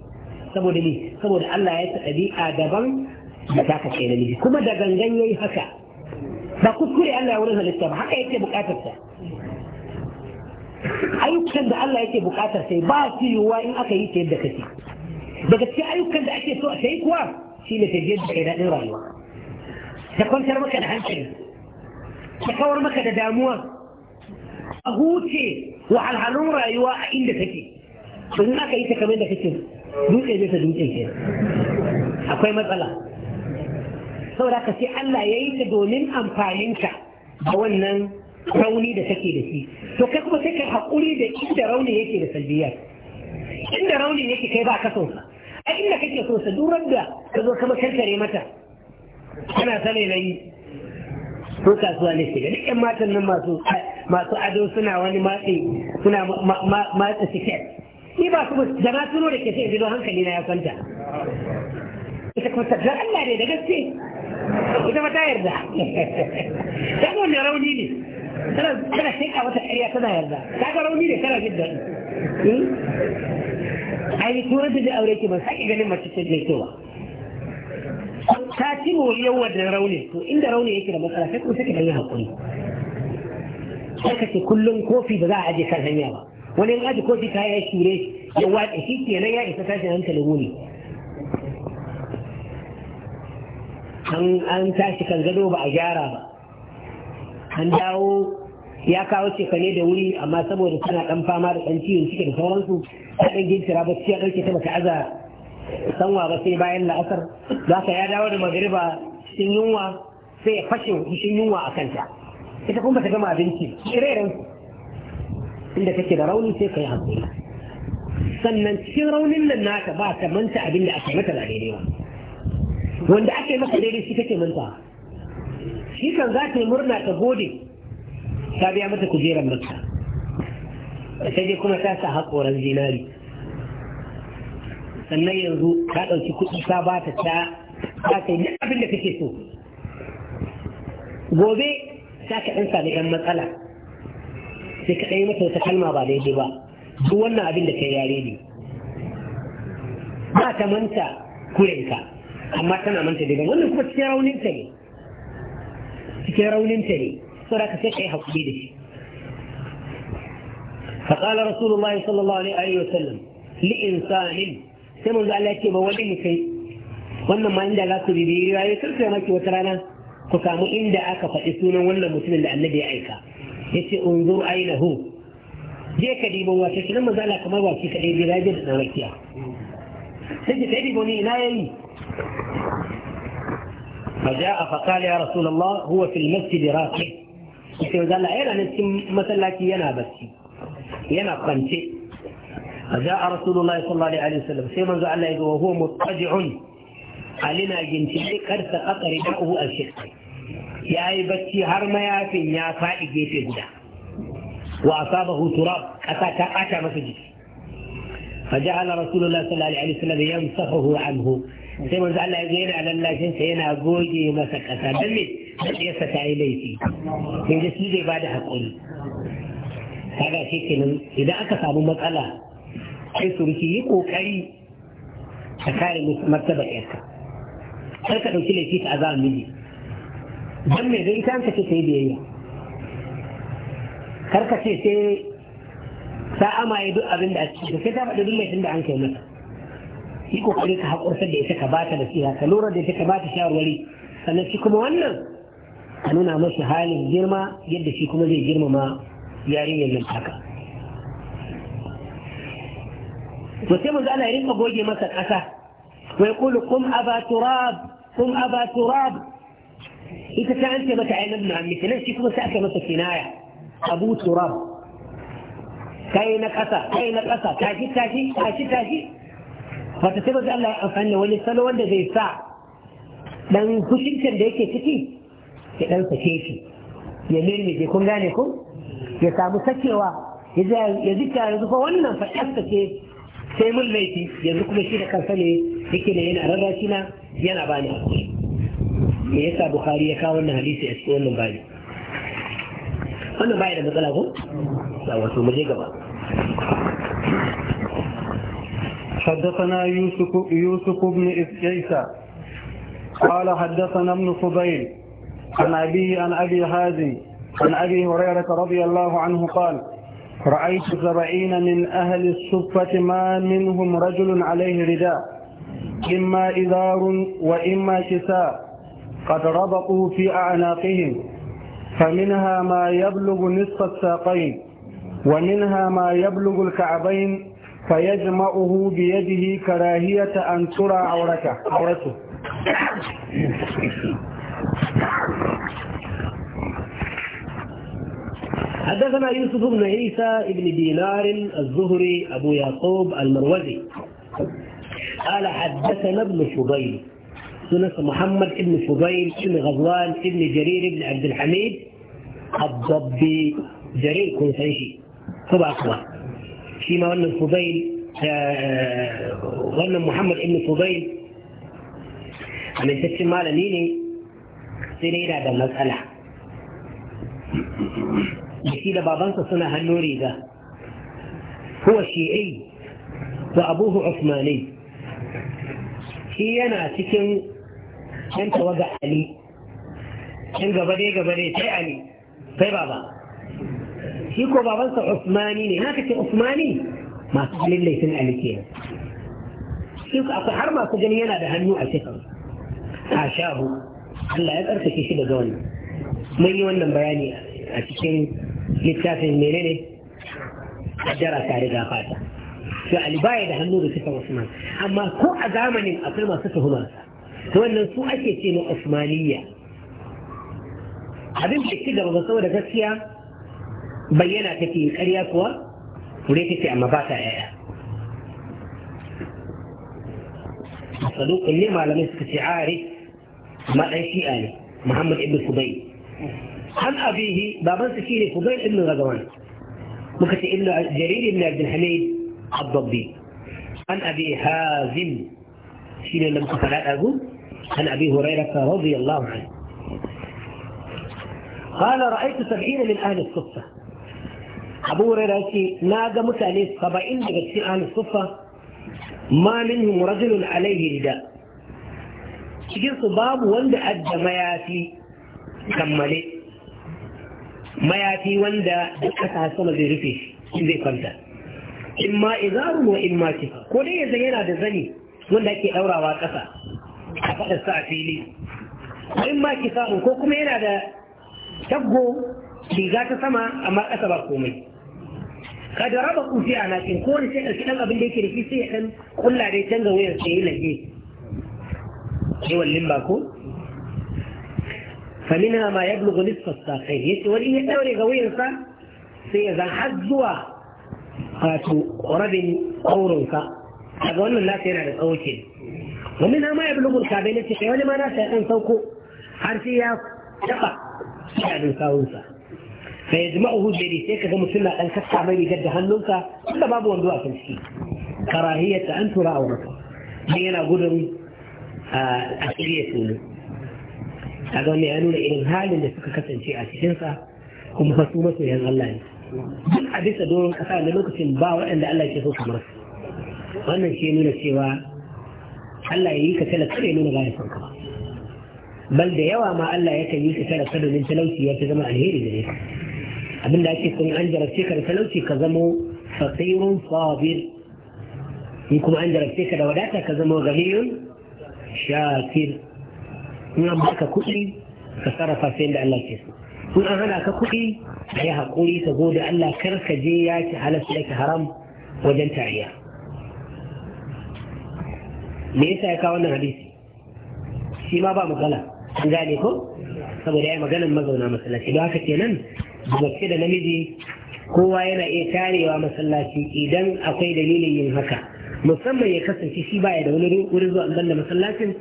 saboda ni saboda Allah ya ta ɗabi'a daban da ta kace namiji kuma da gangan yayi haka ba kuskure Allah ya wurin halitta ba haka yake bukatar ta ayyukan da Allah yake bukatar sai ba su yiwuwa in aka yi ta yadda kake daga cikin ayyukan da ake so a sai kuwa shi ne tafiye da kai daɗin rayuwa ta kwantar maka da hankali ta kawar maka da damuwa a huce wa alhalun rayuwa a inda kake to in aka yi ta kamar da kake dutse zai ta dutse ke akwai matsala saboda ka sai Allah ya yi ta domin amfaninka a wannan rauni da take da shi to kai kuma sai kai haƙuri da inda rauni yake da salbiya inda rauni yake kai ba ka so a inda kake so sa durar da ka zo kama kankare mata kana sane na yi ko kasuwa ne shiga duk 'yan matan nan masu masu ado suna wani matsi suna matsa siket ni ba su da na tuno da ke sai idan hankali na ya kwanta ita kuma sabbar Allah ne da gaske ita ba ta yarda ta wannan rauni ne tana tana sheka mata ƙarya tana yarda ta ga rauni ne tana jin daɗi ai ni turar da aure ki ban sake ganin mace ce mai kyau ta ci moriyar wannan rauni to inda rauni yake da matsala sai kuma take da yin hakuri sai kace kullum kofi ba za a aje kan hanya ba wani in aje kofi ta ya shure ya wace shi kenan ya isa tashin hankalin wuni an tashi kan gado ba a gyara ba an dawo ya kawo shekane da wuri amma saboda tana dan fama da dan ciwon ciki da sauransu ta dan gintira ba ya dauke ta bata aza sanwa ba sai bayan la'asar za ka ya dawo da magriba cikin yunwa sai ya fashe cikin yunwa a kanta ita kuma bata gama abinci ire inda kake da rauni sai kai hakuri sannan cikin raunin nan naka ba ka manta abin da aka mata da daidai ba wanda ake maka daidai shi kake mantawa shi kan za ta yi murna ta gode ta biya mata kujerar da ta je kuma ta sa haƙoran zinari sannan yanzu ta ɗauki kuɗi ta ba ta ta ta ta yi abin da kake so gobe ta ka ɗansa sami ɗan matsala sai ka ɗaya mata wata kalma ba daidai ba duk wannan abin da ka yare ne ba ta manta kuyanka amma tana manta daidai wannan kuma cikin rauninta ne تيرون انتري صراك تشعي حق بيدك فقال رسول الله صلى الله عليه وسلم لإنسان سمو ذا الله كيبا ولين كي وانا ما عنده لا تريدي رواية سلسة ما كي وترانا فكامو عنده أكا فإسونا وانا مسلم لأنه يعيكا يسي انظر أين هو جاي كديب واشيش لما زالا كما واشيش أي براجل نوكيا سجد كديبوني لا يلي فجاء فقال يا رسول الله هو في المسجد راكع sai له انا نسيت مثلا masallaci yana bacci yana فجاء رسول الله صلى الله عليه وسلم سيما زعل يقول وهو مضطجع علينا جنتي كر قطر رداؤه الشيخ يا اي بكي هر ما يا فادي في غدا واصابه تراب اتى كاتا مسجد فجعل رسول الله صلى الله عليه وسلم يمسحه عنه sai manzo Allah ya zo yana lallashin sa yana goge masa kasa dan ne dan yasa ta yi laifi sai da shi zai bada hakuri kaga shi kenan idan aka samu matsala sai surki yi kokari ka kare martaba yarka kar ka dauki laifi ta azaba miji dan me dai kan ka ce sai biyayya kar ka ce sai ta amaye duk abin da a cikin sai ta faɗi duk laifin da an kai masa yi kare ka haƙurta da ita ka ba ta nasiha ka lura da ita ka ba ta shawarwari sannan shi kuma wannan a nuna masa halin girma yadda shi kuma zai girmama yarinyar nan haka to sai manzo Allah ya rinka goge masa ƙasa wa yaqulu kum aba turab kum aba turab ita ta an mata ayyana da amma nan shi kuma sai aka masa kinaya abu turab kai na ƙasa kai na ƙasa tashi tashi tashi tashi wata sai ga Allah ya amfani da wani salo wanda zai sa dan kushincin da yake ciki ya dan sake shi ya je kun gane ku ya samu sakewa ya zika yanzu ko wannan fa ce sai mun laifi yanzu kuma shi da kansa ne yake da yana rarrashi na yana bani hakuri me yasa bukhari ya kawo wannan hadisi a cikin wannan bani wannan baya da matsala ko wato mu je gaba حدثنا يوسف, يوسف بن إسكيسة قال حدثنا ابن صبيل عن أبي عن أبي هازم عن أبي هريرة رضي الله عنه قال رأيت سبعين من أهل الصفة ما منهم رجل عليه رداء إما إذار وإما كساء قد ربطوا في أعناقهم فمنها ما يبلغ نصف الساقين ومنها ما يبلغ الكعبين فيجمعه بيده كراهية أن ترى عورته عورته حدثنا يوسف بن عيسى بن دينار الزهري أبو يعقوب المروزي قال حدثنا ابن فضيل سنة محمد بن فضيل بن غزوان بن جرير بن عبد الحميد الضبي جرير كنسيشي سبع أخبار فيما ظن فضيل ظن آه، محمد ابن فضيل عن تسمى مالا نيني سيني إلى دم مسألة يسيد بابانك سنة هنوري ذا هو شيعي وأبوه عثماني شيئنا سكن أنت وضع علي أنت وضع علي أنت وضع علي أنت طيب بابا في كوبا بنسى عثماني نه هاك تي عثماني ما تقول لي سن عليكين يوك أكو حرمة أكو جنيانا ده هنو عشقه عشاه الله يبقى في شي بدون من يوانا براني عشقين لتافي الميليني أجرى تاريخ أخاتا فعلي باية ده ده سفر عثمان أما كو أزامن أكل ما سفر هنا هو أن نسو أشي عثمانية هذا يمكن كده بغسوه ده كثير بينا تكين أرياكوا وليتي في أمباتا إيه صدوق اللي ما لم يستشعاري ما أي شيء آلي محمد ابن فضيل عن أبيه بابا سكيني فضيل ابن غزوان مكتي ابن جرير ابن عبد الحميد عبد الضبي عن أبي هازم شيل لم تفرات أقول عن أبي هريرة رضي الله عنه قال رأيت سبعين من أهل الصفة abu huraira ce na ga mutane saba'in daga cikin ahlus sufa ma minhum rajulun alaihi rida cikin su babu wanda adda mayafi kammale mayafi wanda duk kasa sama zai rufe shi zai kwanta in ma izarun wa in ma kifa ko dai yanzu yana da zani wanda ake daurawa kasa a sa a fili ko in ma kifa ko kuma yana da taggo riga ta sama amma kasa ba komai ka da kufi a nakin ko wani sai ɗauki ɗan abin da yake da fi sai ɗan kulla dai canza wayar sai yi lage sai wallin ba ko falina ma ya bulu gani su sai ya wani ga wayarsa sai ya zan har zuwa wato rabin aurensa a ga wannan lafiya yana da tsawo ke wani na ma ya bulu gulka bai na ce wani ma na sai ɗan sauko har sai ya taɓa sai ya kawunsa fa yajma'uhu bi sai kaga mutum na dan kassa mai rigar da hannunka inda babu wando a kan ciki. shi karahiyata an tura a aurata dan yana gudun a shirye A kaga wannan ya nuna irin halin da suka kasance a cikinsa kuma fasu masu yan Allah ne duk a bisa doron kasa da lokacin ba waɗanda Allah ke so kamar su wannan shi nuna cewa Allah ya yi ka talaka ya nuna bayan son ba bal da yawa ma Allah ya kan yi ka talaka domin talauci ya fi zama alheri da ne abin da ake son an jarabce ka da talauci ka zamo fakirun sabir in kuma an jarabce ka da wadata ka zamo ganiyun shakir in an baka kuɗi ka sarrafa sai da Allah ke so in an hana ka kuɗi ka yi haƙuri ka gode Allah kar ka je ya ki halasta da haram wajen tariya me yasa ya kawo wannan hadisi shi ma ba matsala an gane ko saboda ya yi maganan mazauna masallaci don haka kenan gaske da namiji kowa yana iya tarewa masallaci idan akwai dalilin yin haka musamman ya kasance shi baya da wani wurin zuwa da masallacin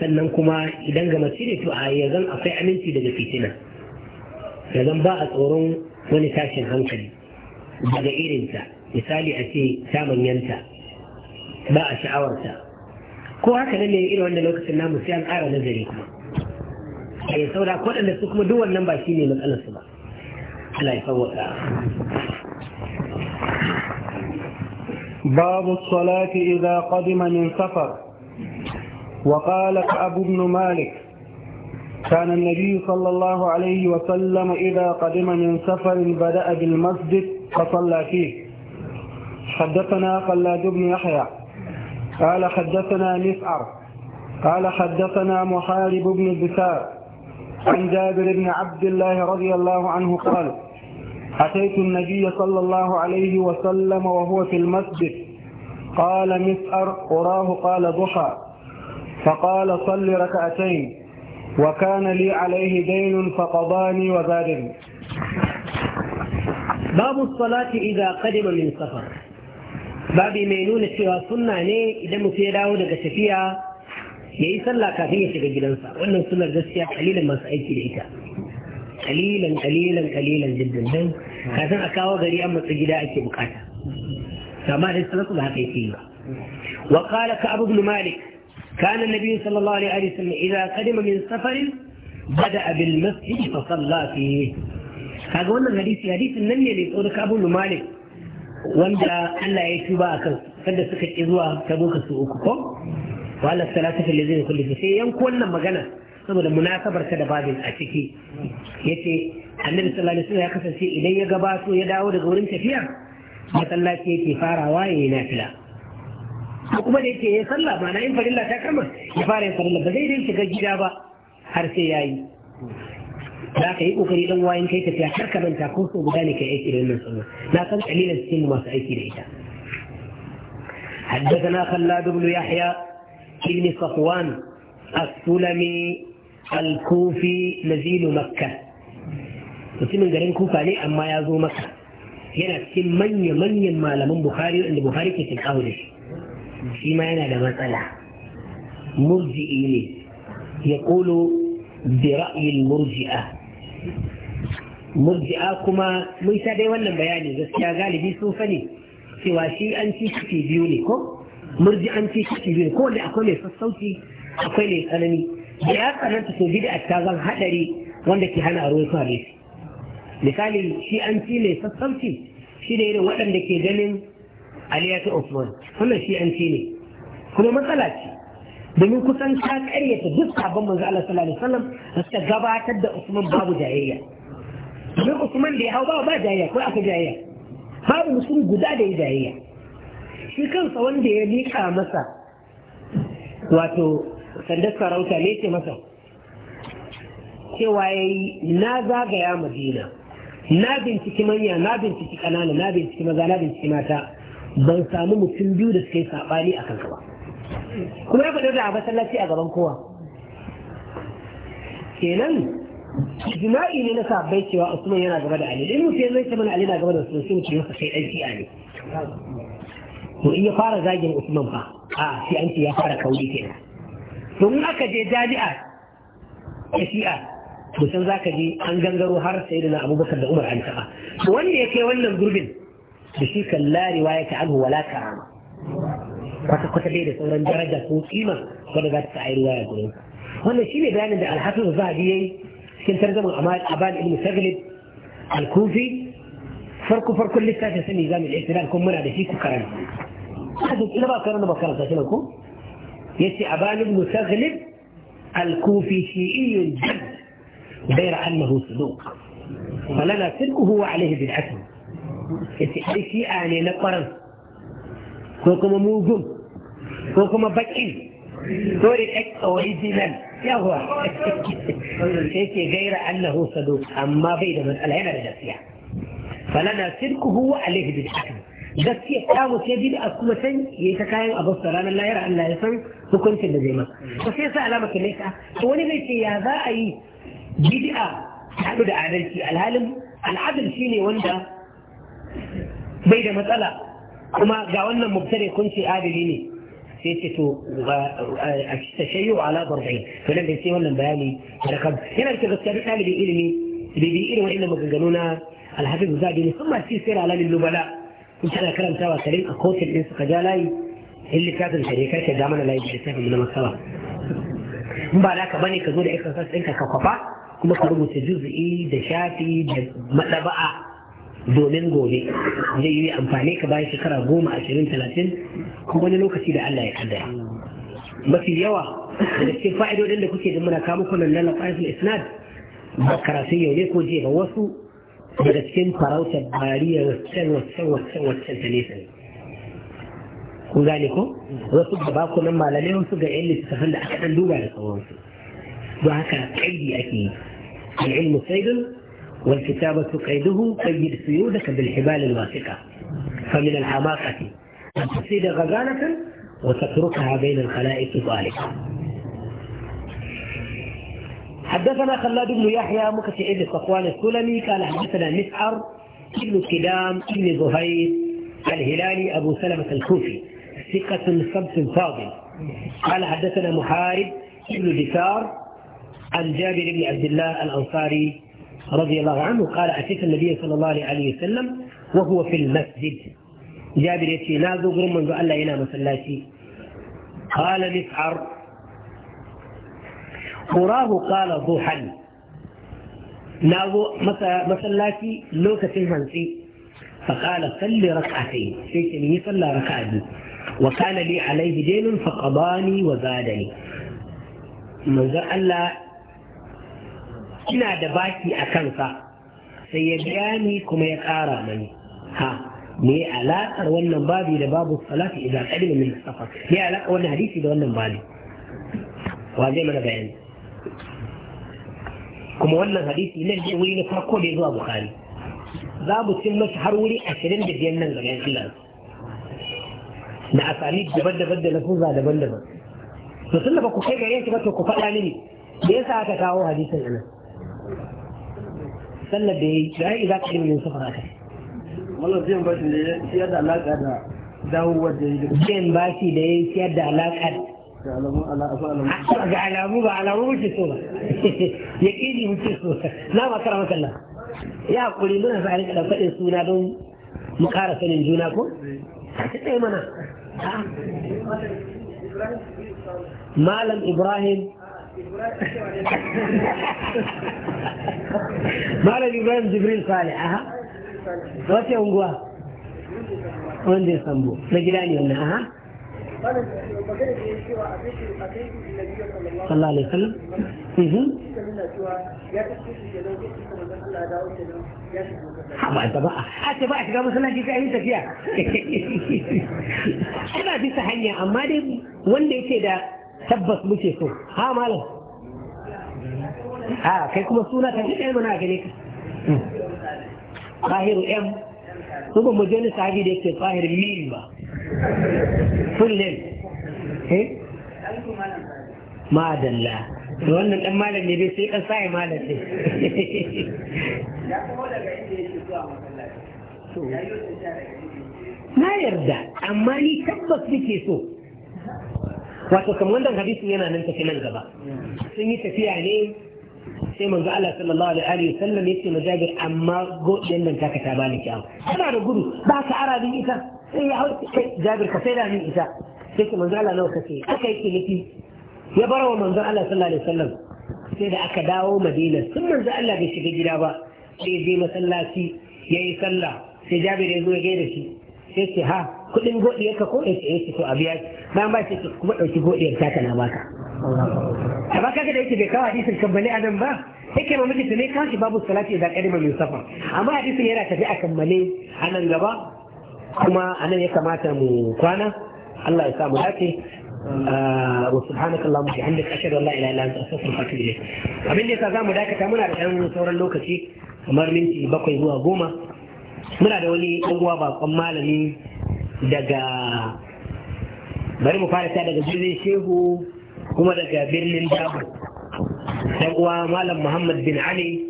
sannan kuma idan ga mace ne to a yanzu akwai aminci daga fitina yanzu ba a tsoron wani tashin hankali daga irinta misali a ce ta manyanta ba a sha'awarta ko haka nan ne irin wanda lokacin namu sai an ƙara nazari kuma a yi saura ko su kuma duk wannan ba shi ne matsalarsu ba لا يفوت باب الصلاة إذا قدم من سفر وقال أبو بن مالك كان النبي صلى الله عليه وسلم إذا قدم من سفر بدأ بالمسجد فصلى فيه حدثنا قلاد بن يحيى قال حدثنا مسعر قال حدثنا محارب بن بسار عن جابر بن عبد الله رضي الله عنه قال أتيت النبي صلى الله عليه وسلم وهو في المسجد قال مسأر أراه قال ضحى فقال صل ركعتين وكان لي عليه دين فقضاني وزادني باب الصلاة إذا قدم من سفر باب مينون سوى سنة ني إذا مفيدا ودك سفيا يأي صلى كافية شكا جلنسا وأنه سنة جسيا قليلا ما سأيتي لإيتا قليلا قليلا قليلا جدا كذا اكاو غري اما تجدا اكي بكاتا فما رسلك بها كيفية وقال كعب بن مالك كان النبي صلى الله عليه وسلم إذا قدم من سفر بدأ بالمسجد فصلى فيه هذا قلنا حديث حديث النبي اللي يقول كعب بن مالك وانجا الله يتباك فدى سكت إذوا تبوك سوءكم وقال الثلاثة الذين كل فيه يمكن لما قلنا saboda munasabar ta da babin a ciki yace annabi sallallahu alaihi ya kasance idan ya gabato ya dawo daga wurin tafiya masallaci yake farawa ya yi nafila ko kuma da yake ya sallah ma'ana in farilla ta kama ya fara yin farilla ba zai dai shiga gida ba har sai yayi za ka yi kokari dan wayan kai tafiya har ka manta ko so guda ne kai aiki da wannan na san kalilan cikin masu aiki da ita حدثنا خلاد بن يحيى بن صفوان السلمي al-kufi nazilu makka mutumin garin kufa ne amma ya zo maka yana cikin manya-manyan malaman bukhari wanda bukhari ke cikin aure shi ma yana da matsala murji'i ne ya kolo bi ra'ayin murji'a murji'a kuma mun sha dai wannan bayani gaskiya galibi sun sani cewa shi an ci ciki biyu ne ko ci ciki biyu ne ko da akwai mai sassauci akwai mai tsanani da ya tsananta to bid'a ta zan hadari wanda ke hana a ruwan sa misali shi an ci ne sassauci shi ne irin waɗanda ke ganin aliyatu Usman wannan shi an ci ne kuma matsala ce domin kusan ka karyata duk sabon manzo Allah sallallahu alaihi wasallam da suka gabatar da Usman babu jayayya domin Usman da ya hau ba ba jayayya ko aka jayayya babu musulmi guda da ya jayayya shi kansa wanda ya mika masa wato sandar sarauta ne ce masa cewa ya yi na zagaya madina na binciki manya na binciki kanana na binciki maza na binciki mata ban samu mutum biyu da suka yi saɓani a kanka ba kuma ya faɗi da a masallaci a gaban kowa kenan jima'i ne na sabai cewa usman yana gaba da ali dan mutum ya zai mana ali na gaba da usman sai mutum yasa sai dan shi'a ne to in ya fara zagin usman fa a sai an ce ya fara kauri kenan domin aka je jami'a da shi'a to san za ka je an gangaro har sai da abubakar da umar an taɓa to wanda ya kai wannan gurbin da shi kallari wa ya ta'alu wala karama kwata kwata dai da sauran daraja ko kima wanda za ta ta ayarwa ya gurin wannan shine bayanin da alhafiz zahabi yayi cikin tarjaman aban ibn saglib al-kufi farko farkon littafin sani zamu da ikilal kun muna da shi ku karanta ina ba karanta ba karanta shi ko يسي أبان المتغلب الكوفي شيئي جد غير أنه صدوق فلنا هو وعليه بالحسن يسي أي شيء آني نقرن كوكما موجم كوكما بكين كوري إكس يا هو يسي غير أنه صدوق أما بيد من هنا لجسيا فلنا سلكه وعليه بالعسل gaskiya ta mutu ya bi مثلا kuma san ya ta kayan abin ranar layar Allah hukuncin da zai masa to sai sa alama kalle ka to wani zai ce ya za a yi bid'a haɗu da adalci alhalin al'adal shine wanda bai da matsala kuma ga wannan mubtare kun ce adali ne sai ce to a tashayyu ala barbain to nan dai sai wannan bayani da kan yana da gaskiya da ɗalibin ilimi da bi irin wa'annan maganganu na alhafiz zabi musamman fi sirra alalin lubala in kana karantawa karin a kotun ɗinsu suka ja layi in littafin ka ne karka damar mana layi da littafin na masawa in ba laka bane ka zo da ikon sassan ka kwafa kuma ka rubuta juz'i da shafi da maɗaba'a domin gobe zai yi amfani ka bayan shekara goma ashirin talatin ko wani lokaci da Allah ya kaddara mafi yawa da cikin fa'idodin da kuke da muna kawo nan lalla fa'idul isnad ba karatun yau ne ko jiya ba wasu daga cikin farautar bariyar wacce waccan waccan waccan ta nesa ne kun gane ko wasu ga bakunan malamai wasu ga yan littattafan da aka dan duba da sauransu don haka kaidi ake yi al'ilmu saidun wal kitabatu qaiduhu qayyid suyudaka bil hibal al wasiqa fa min al hamaqati an tusida ghazanatan wa tatrukaha bayna al khala'iq zalika حدثنا خلاد بن يحيى مكتئ بن صفوان السلمي قال حدثنا مسعر ابن كدام ابن زهير الهلالي أبو سلمة الكوفي ثقة صبت فاضل قال حدثنا محارب بن دثار عن جابر بن عبد الله الأنصاري رضي الله عنه قال أتيت النبي صلى الله عليه وسلم وهو في المسجد جابر يتي نازو قرم منذ ألا ينام سلاتي قال مسعر قراه قال ضحى نازو مسلاتي لوكة هنسي فقال صلي ركعتين سيتني صلى ركعتين وكان لي عليه دين فقضاني وزادني من ذا الله كنا دباكي أكنسا سيبياني كما يقارى مني ها ني علاقة وانا بابي لباب الصلاة إذا قدم من السفر ني علاقة وانا حديثي دوانا بالي وهذا ما نبعين كما وانا حديثي نجي ولي نفرقو بيضوا بخاري ذا بسمة حروري أشرين بديننا نبعين يعني الله da asali daban-daban da lafuza daban-daban to tun da ba ku kai gare shi ba to ku faɗa mini me yasa aka kawo hadisin anan sallar da yayi da yi za ka yi min safara kai biyan zai ba shi da siyar da alaka da dawowar da yayi zai ba shi da yi ciyar da alaka ga alamu ba alamu muke so ba ya ƙini muke so na makara makalla ya kuri muna sa a rika ɗaukar suna don mu ƙara sanin juna ko? Eh. Ka ɗaya mana malam ibrahim malam ibrahim jibril sale aha wace unguwa wanda ya sambo na gida ne wannan aha sallallahu alaihi wasallam Haba da ba a ba a shiga masallaci sai yi tafiya. Ana bisa hanya amma dai wanda yake da tabbas muke so. Ha malam. A kai kuma suna ta ka. M. mu je ni da yake Bahir Mim ba. kullum eh madalla da wannan dan malam ne dai sai dan sai malam ne na yarda amma ni tabbas nake so wato kamar wannan hadisi yana nan tafi nan gaba sun yi tafiya ne sai manzo Allah sallallahu alaihi wa sallam yace majabir amma godin nan taka ta bani kyau ana da gudu ba ka arabin ita sai ya hau kai jabir ka da min ita sai ki manzo Allah nawa kace aka yi kiliki ya bar wa manzo Allah sallallahu alaihi wasallam sai da aka dawo Madina sun manzo Allah bai shiga gida ba sai ya je masallaci ya yi sallah sai jabir ya zo ya gaida shi sai ce ha kudin godiyar ka ko yace yace eh, to abiya bayan ba shi kuma dauki godiyar ta kana baka amma kaga da yake bai kawo hadisin kan bani adam ba yake ma miji ne shi babu salati da kadima mai safa amma hadisin yana tafi a kammale a nan gaba kuma anan ya kamata mu kwana Allah ya sa mu dace ah, wa subhanaka allahumma bihamdika ashhadu an la ilaha illa anta astaghfiruka wa atubu ilayk abin da yasa zamu dakata muna da ɗan sauran lokaci kamar minti bakwai zuwa goma muna da wani ɗan uwa bakon malami daga bari mu fara daga birnin shehu kuma daga birnin dabo ɗan uwa malam muhammad bin ali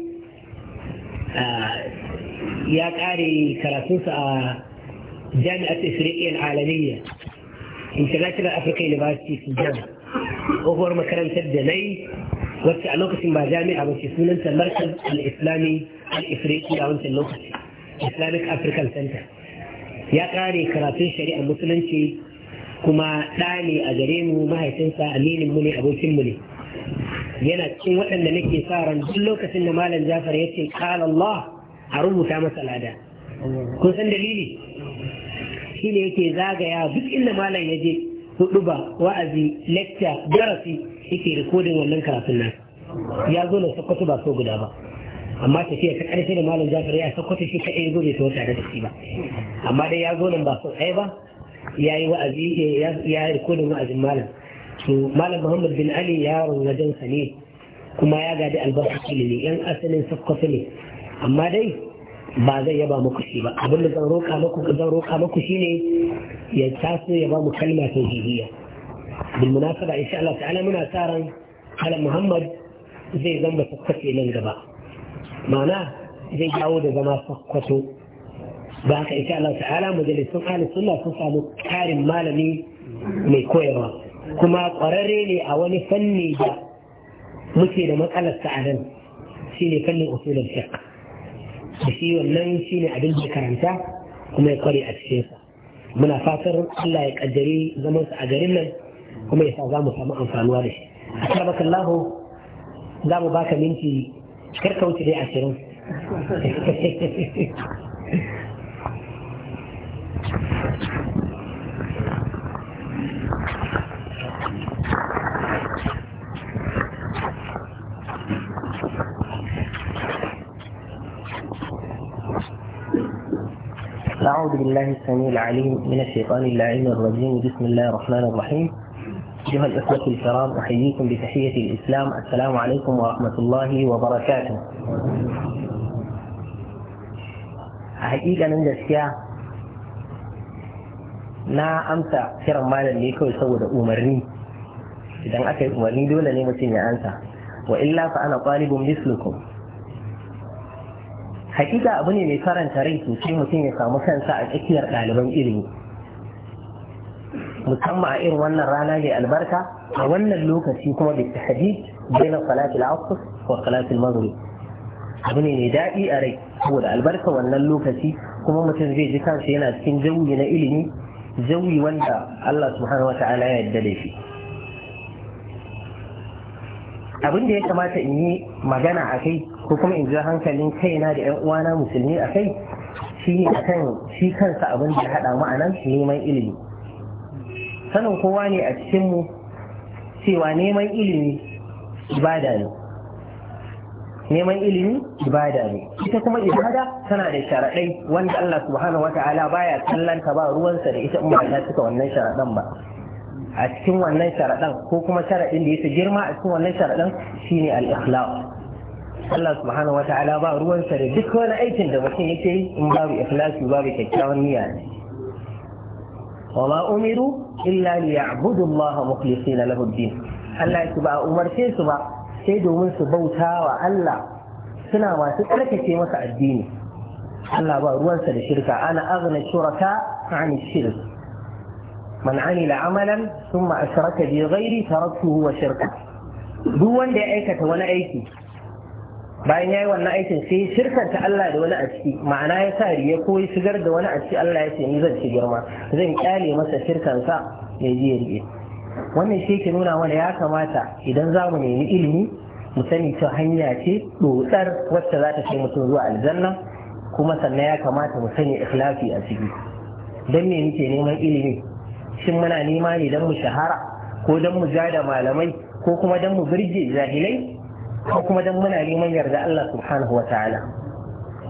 ah, ya ƙare karatunsa a جامعة إفريقيا العالمية International African University Sudan tsohuwar makarantar da nai wacce a lokacin ba jami'a ba ce sunanta Markaz al-Islami a wancan lokaci Islamic African Center ya kare karatun shari'ar musulunci kuma ɗa ne a gare mu mahaifinsa aminin mu ne abokin mu ne yana cikin waɗanda nake sa ran duk lokacin da malam Jafar ya ce qala a rubuta masa lada kun san dalili ne yake zagaya duk inda malam ya je ba wa'azi lecture darasi yake rikodin wannan karatun nan ya zo na sokoto ba so guda ba amma tafiya ta ƙarshe da malam jafar ya sokoto shi ka zo bai ta tare da shi ba amma dai ya zo nan ba so ɗaya ba ya yi wa'azi ya yi rikodin wa'azin malam to malam muhammad bin ali ya wajen sa ne kuma ya gadi albarkaci ne yan asalin sokoto ne amma dai ba zai yaba muku shi ba abin da zan roƙa muku zan roƙa muku shine ya taso ya ba mu kalma tauhidiyya bil munasaba insha Allah ta'ala muna sa ran ala Muhammad zai zama sakkwato nan gaba ma'ana zai dawo da zama sakkwato ba haka insha Allah ta'ala majalisun ahlus sunna sun samu karin malami mai koyarwa kuma ƙwararre ne a wani fanni da muke da matsalar sa'adan shine fannin usulul fiqh da shi wannan shi ne abin da karanta kuma ya kware a cikinsa muna fatar Allah ya kaddare zamansa a garin nan kuma ya sa za mu samu amfanuwa da shi asabaka Allah za mu baka minti karka wuce dai ashirin Thank you. أعوذ بالله السميع العليم من الشيطان اللعين الرجيم بسم الله الرحمن الرحيم أيها الأخوة الكرام أحييكم بتحية الإسلام السلام عليكم ورحمة الله وبركاته حقيقة من gaskiya na amsa kiran malam ne kawai saboda umarni idan aka yi umarni dole ne mutum ya ansa wa illa fa ana hakika abu ne mai faranta rai sosai mutum ya samu kansa a tsakiyar ɗaliban ilimi musamman a irin wannan rana mai albarka a wannan lokaci kuma da tahajjud bayan salatul asr wa salatul maghrib abu ne mai daɗi a rai saboda albarka wannan lokaci kuma mutum zai ji kansa yana cikin jauyi na ilimi jauyi wanda Allah subhanahu wata'ala ya yarda da shi abin da ya kamata in yi magana a kai ko kuma in ja hankalin kaina da yan uwana musulmi a kai shi ne shi kansa abin da haɗa mu a nan neman ilimi sanin kowa ne a cikinmu cewa neman ilimi ibada ne neman ilimi ibada ne ita kuma ibada tana da sharaɗai wanda Allah subhanahu wa ta'ala baya kallanta ba ruwansa da ita umma ta cika wannan sharaɗan ba a cikin wannan sharaɗan ko kuma sharaɗin da yake girma a cikin wannan sharaɗan shine al-ikhlas Allah subhanahu wa ta'ala ba ruwansa da duk wani aikin da mutum yake yi in babu ikhlasi babu kyakkyawan miya ne wama umiru illa li ya'budu Allah mukhlisina lahu din Allah ya ba umarce su ba sai domin su bauta wa Allah suna masu tsarkake masa addini Allah ba ruwansa da shirka ana azna shuraka an shirk man amila amalan thumma asharaka bi ghairi taraktuhu wa shirka duk wanda ya aikata wani aiki bayan ya yi wannan aikin sai shirkanta Allah da wani a ciki ma'ana ya sa riya ko ya shigar da wani a ciki Allah ya ce ni zan ci girma zan kyale masa shirkansa ya ji ya wannan shi ke nuna mana ya kamata idan za mu nemi ilimi mu sani ta hanya ce dotsar wacce za ta kai mutum zuwa aljanna kuma sannan ya kamata mu sani ikhlasi a ciki dan me muke neman ilimi shin muna nema ne dan mu shahara ko dan mu ja da malamai ko kuma dan mu birge jahilai ko kuma dan muna neman yarda Allah subhanahu wa ta'ala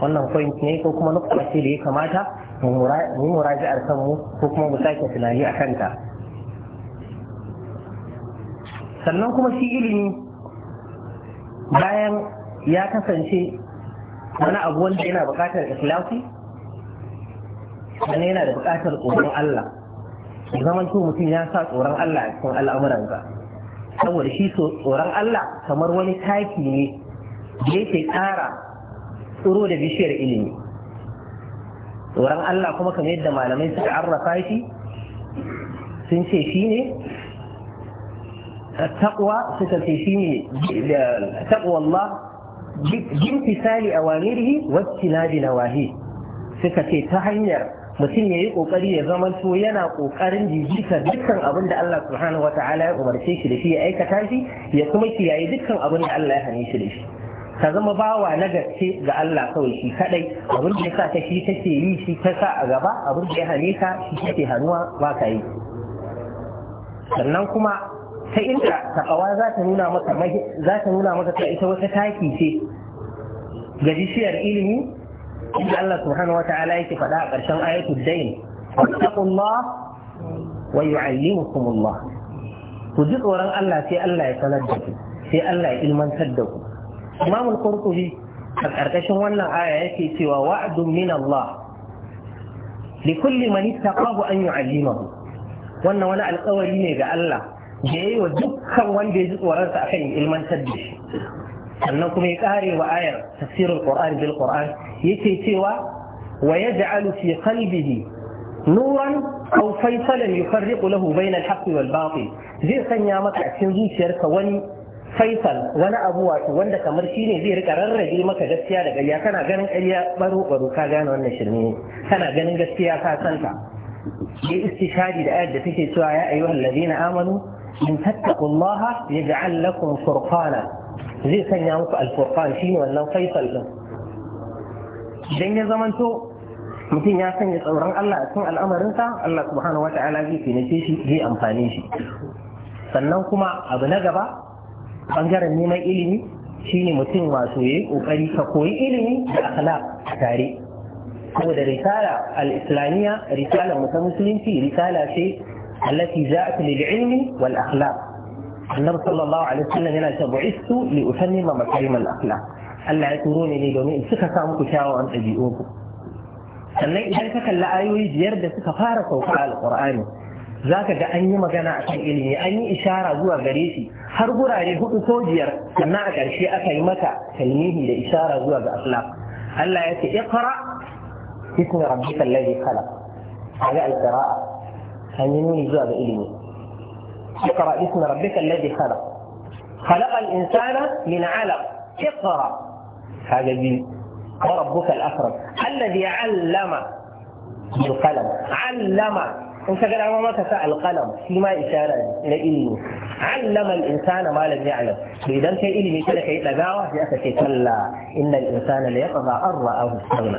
wannan point ne ko kuma nukta ce da ya kamata mu muraji'ar kanmu ko kuma mu sake tunani a kanta sannan kuma shi ilimi bayan ya kasance wani abu wanda yana buƙatar ikhlasi wani yana da buƙatar tsoron Allah zaman mutum ya sa tsoron Allah a cikin al'amuransa saboda shi tsoron Allah kamar wani taki ne da yake ƙara tsoro da bishiyar ilimi tsoron Allah kuma kamar yadda malamai suka arrafa shi sun ce shi ne التقوى ستلتفيني تقوى الله بامتثال أوامره suka ce ta hanyar. mutum ya yi ƙoƙari ya zama to yana ƙoƙarin jijita dukkan abin da Allah subhanahu wa ta'ala ya umarce shi da shi ya aikata shi ya kuma kiyaye dukkan abin da Allah ya hane shi da shi ka zama bawa na gaske ga Allah kawai shi kadai abin da ya ta shi take yi shi ta sa a gaba abin da ya hane ka shi take hanuwa ba ka yi sannan kuma ta inda takawa za ta nuna maka za ta nuna maka ita wata taki ce ga bishiyar ilimi inda Allah subhanahu wata'ala yake faɗa a ƙarshen ayatul dain wattaqullah wa yu'allimukumullah ku ji tsoron Allah sai Allah ya sanar da ku sai Allah ya ilmantar da ku Imam al-Qurtubi a ƙarƙashin wannan aya yake cewa wa'dun min Allah likulli man ittaqahu an yu'allimahu wannan wani alƙawari ne ga Allah da yayi wa dukkan wanda ya ji tsoron sa akan ilmantar da shi sannan kuma ya kare wa ayar tafsirul qur'an bil qur'an yake cewa wa yaj'alu fi qalbihi nuran aw faysalan yufarriqu lahu bayna al-haqqi wal batil zai sanya maka a cikin zuciyarka wani faisal wani abu wato wanda kamar shine zai rika rarrabe maka gaskiya da ƙarya kana ganin ƙarya baro baro ka gane wannan shirme kana ganin gaskiya ka santa yi istishadi da ayar da take cewa ya ayyuhal ladina amanu in tattaqullaha yaj'al lakum furqana zai sanya muku alfurqan shine wannan faisal din idan ya zamanto mutum ya sanya tsoron Allah a cikin al'amarinsa Allah subhanahu wa ta'ala zai taimake shi zai amfani shi sannan kuma abu na gaba bangaren neman ilimi shine mutum ya yi kokari ka koyi ilimi da akhlaq tare da risala al-islamiyya risala ta musulunci risala ce allati ja'at lil ilmi wal akhlaq annabi sallallahu alaihi wasallam yana cewa bu'istu li utammima makarimal akhlaq Allah ya turo ne domin in suka sa muku kyawawan ɗabi'unku sannan idan ka kalli ayoyi biyar da suka fara sauka alqur'ani za ka ga an yi magana akan ilimi an yi ishara zuwa gare shi har gurare hudu ko jiyar sannan a ƙarshe aka yi mata talmihi da ishara zuwa ga akhlaq Allah ya ce iqra bismi rabbikal ladhi khalaq kaga al-qira'a an yi nuni zuwa ga ilimi اقرأ اسم ربك الذي خلق خلق الإنسان من علق اقرأ هذا دي وربك الأكرم الذي علم بالقلم علم انت قال تساء القلم فيما اشاره الى علم علم الانسان ما لم يعلم فاذا انت علم كذا كي تداوى في اكا كلا ان الانسان ليقضى ان راه استغنى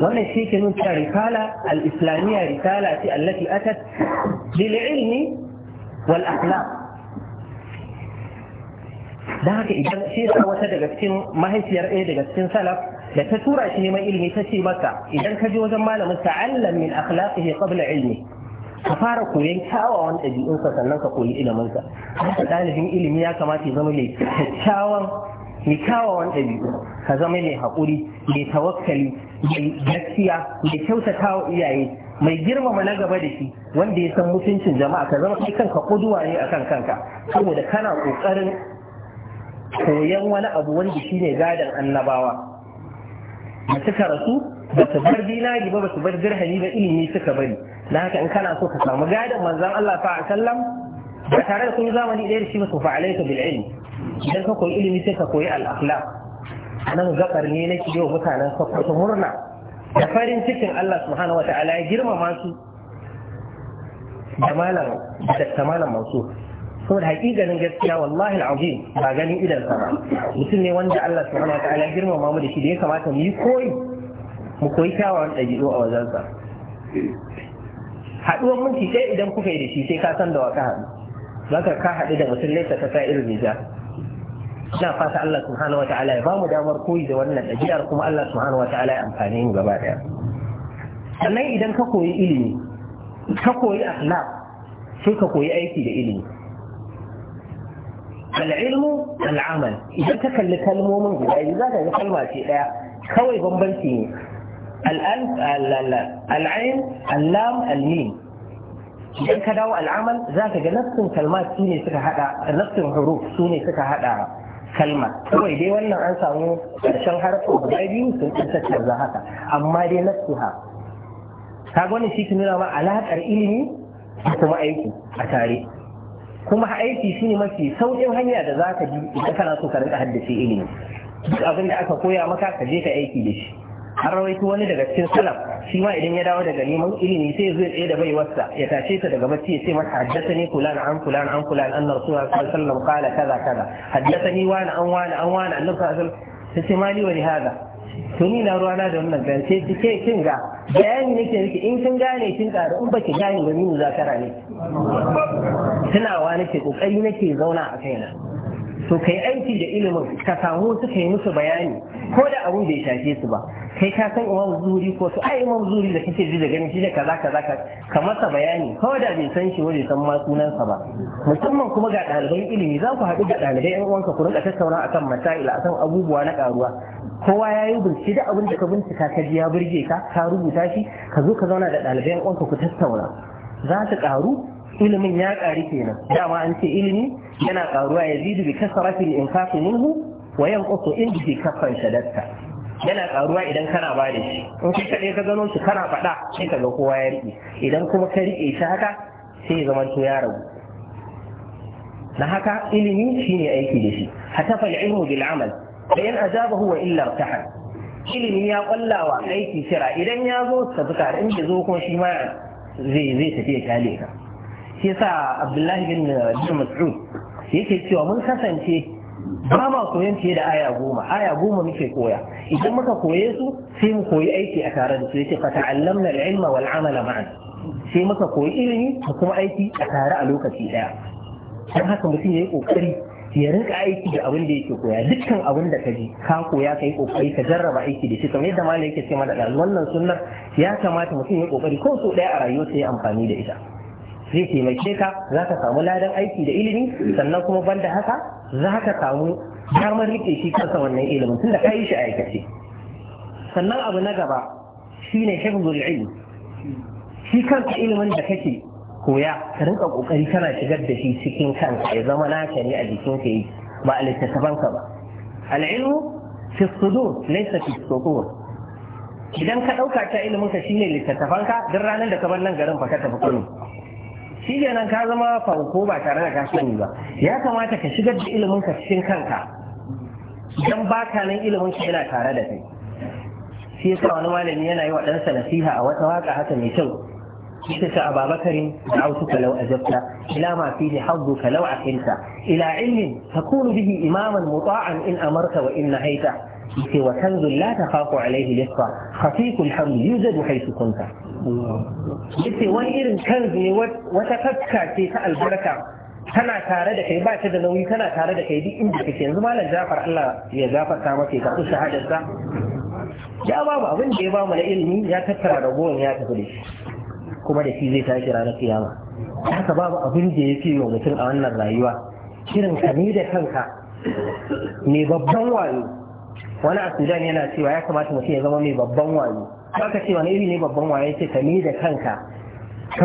وانا shi من رساله الاسلاميه al التي اتت للعلم wal da haka idan shi da wata daga cikin mahaifiyar ɗaya daga cikin salaf da ta tura shi neman ilimi ta ce maka idan ka je wajen malamin ta'allam min akhlaqihi qabla ilmi ka fara koyon kyawawan ɗabi'unsa sannan ka koyi iliminsa haka ɗalibin ilimi ya kamata ya zama mai kyakkyawan mai kyawawan ɗabi'u ka zama mai haƙuri mai tawakkali mai gaskiya mai kyautata wa iyaye mai girmama na gaba da shi wanda ya san mutuncin jama'a ka zama kai kanka kuduwa ne akan kanka saboda kana kokarin koyan wani abu wanda shine gadan annabawa da suka rasu ba su bar dinari ba ba su bar dirhami ba ilimi suka bari na haka in kana so ka samu gadan manzon Allah fa sallam ba tare da kun zamani ɗaya da shi ba su fa'alaita bil ilmi idan ka koyi ilimi sai ka koyi al-akhlaq nan gabar ne nake yau mutanen sakkwato murna da farin cikin Allah subhanahu wata'ala ya girmama su da malam da so. masu saboda haƙiƙanin gaskiya wallahi al'azim ba ganin idan sa ba mutum ne wanda Allah subhanahu wata'ala ya girmama mu da shi da ya kamata mu yi koyi mu koyi kyawawan ɗabi'u a wajen sa haɗuwar minti ɗaya idan kuka yi da shi sai ka san da waka haɗu zaka ka haɗu da mutum laifin ka sa irin nija ina fata Allah subhanahu wa ta'ala ya ba mu damar koyi da wannan ɗabi'ar kuma Allah subhanahu wa ta'ala ya amfane mu gaba ɗaya sannan idan ka koyi ilimi ka koyi akhlaq sai ka koyi aiki da ilimi al'ilmu al'amal idan ka kalli kalmomin guda biyu za ka ga kalma ce ɗaya kawai bambanci ne al'alf al'ain al'am al'mim idan ka dawo al'amal za ka ga nassin kalma su ne suka hada nassin huruf su ne suka haɗa. Kalma, kawai dai wannan an samu ƙarshen harfin guda biyu sun tattatar za haka amma dai na suha ta gani shi ta nuna ma alaƙar ilimi da kuma aiki a tare kuma aiki shi ne mafi sauƙin hanya da za ka bi idan kana so ka rinka haddace ilimi duk abin da aka koya maka ka je ka aiki da shi an rawaito wani daga cikin salaf shi ma idan ya dawo daga neman ilimi sai zai tsaye da baiwarsa ya tashe ta daga bacci ya ce masa. haddathani fulan an fulan an fulan anna rasulullahi sallallahu alaihi wasallam qala kaza kaza haddathani wani an wani an wani annabi sallallahu ta ce sai mali wani hada to ni na ruwana da wannan bayan ce ki ke kin ga bayani nake miki in kin gane kin tsara in baki gane ba ni muzakara ne tunawa nake kokari nake zauna a kaina to kai aiki da ilimin ka samu su kai musu bayani ko da da bai shafe su ba kai ka san imam zuri ko su ai imam zuri da kake ji da ganin shi da kaza kaza ka masa bayani ko da bai san shi wani san ma sunansa ba musamman kuma ga ɗaliban ilimi za ku haɗu da ɗalibai yan uwanka ku rinka tattauna akan masail akan abubuwa na ƙaruwa kowa ya yi bincike da abin da ka bincika ka ji ya burge ka ka rubuta shi ka zo ka zauna da ɗalibai yan uwanka ku tattauna za su ƙaru ilimin ya ƙari kenan dama an ce ilimi yana ƙaruwa ya zidu bi kasarafin in kafin minhu wa yanqusu in bi kafan shadatta yana ƙaruwa idan kana ba da shi in kai kaɗai ka gano shi kana faɗa sai ka ga kowa ya riƙe idan kuma ka riƙe shi haka sai ya to ya ragu na haka ilimi shine aiki da shi hatta fa ilmu bil amal bayan ajabahu wa illa irtahal ilimi ya kwallawa aiki shira idan ya zo ka tare in zo kuma shi ma zai zai tafi ya kale ka shi yasa abdullahi bin eh, bin mas'ud yake cewa mun kasance ba ma koyon fiye da aya goma aya goma muke koya idan muka koye su sai mu koyi aiki a tare da su yace fa ta'allamna ilma wal amala ma'an sai muka koyi ilimi da kuma aiki a tare a lokaci daya don haka mutum ya yi kokari ya rinka aiki da abin da yake koya dukkan abin da ka ji ka koya ka yi kokari ka jarraba aiki da shi kamar yadda malam yake ce mana da wannan sunnar ya kamata mutum ya yi kokari ko so ɗaya a rayuwa sai ya amfani da ita zai taimake ka za ka samu ladan aiki da ilimi sannan kuma banda haka za ka samu damar rike shi kansa wannan ilimin tunda ka yi shi aikace sannan abu na gaba shine hifzul ilm shi kanka ilimin da kake koya ka rinka kokari kana shigar da shi cikin kanka ya zama naka ne a jikin ka yi ba a littattafanka ba al'ilmu fi sudur laysa fi sudur idan ka ɗauka ta ilimin ka shine littattafanka duk ranar da ka bar nan garin fa ka tafi kudu shi kenan ka zama fanko ba tare da ka sani ba ya kamata ka shigar da ilimin ka cikin kanka idan ba ka nan ilimin ka yana tare da kai shi yasa wani malami yana yi wa ɗansa nasiha a wata waka haka mai kyau ita da ababakarin da'autuka law ajabta ila ma fi fihi hadduka a kinta ila ilmin takunu bihi imaman muta'an in amarka wa in nahaita yace wa kanzu la ta takhafu alayhi lissa khafiqul hamd yujadu haythu kunta yace wani irin kanzu ne wata kakka ce ta albarka tana tare da kai ba ta da nauyi tana tare da kai duk inda kake yanzu malam Jafar Allah ya gafarta maka ka kusa hadarsa ya babu abin da ya ba mu na ilimi ya tattara ragowar ya tafi da shi kuma da shi zai tashi ranar kiyama haka babu abin da ya fi wa mutum a wannan rayuwa kirin ka ni da kanka mai babban wayo wani a sudan yana cewa ya kamata mutum ya zama mai babban wayo ka ce wani iri ne babban waye ce ka ni da kanka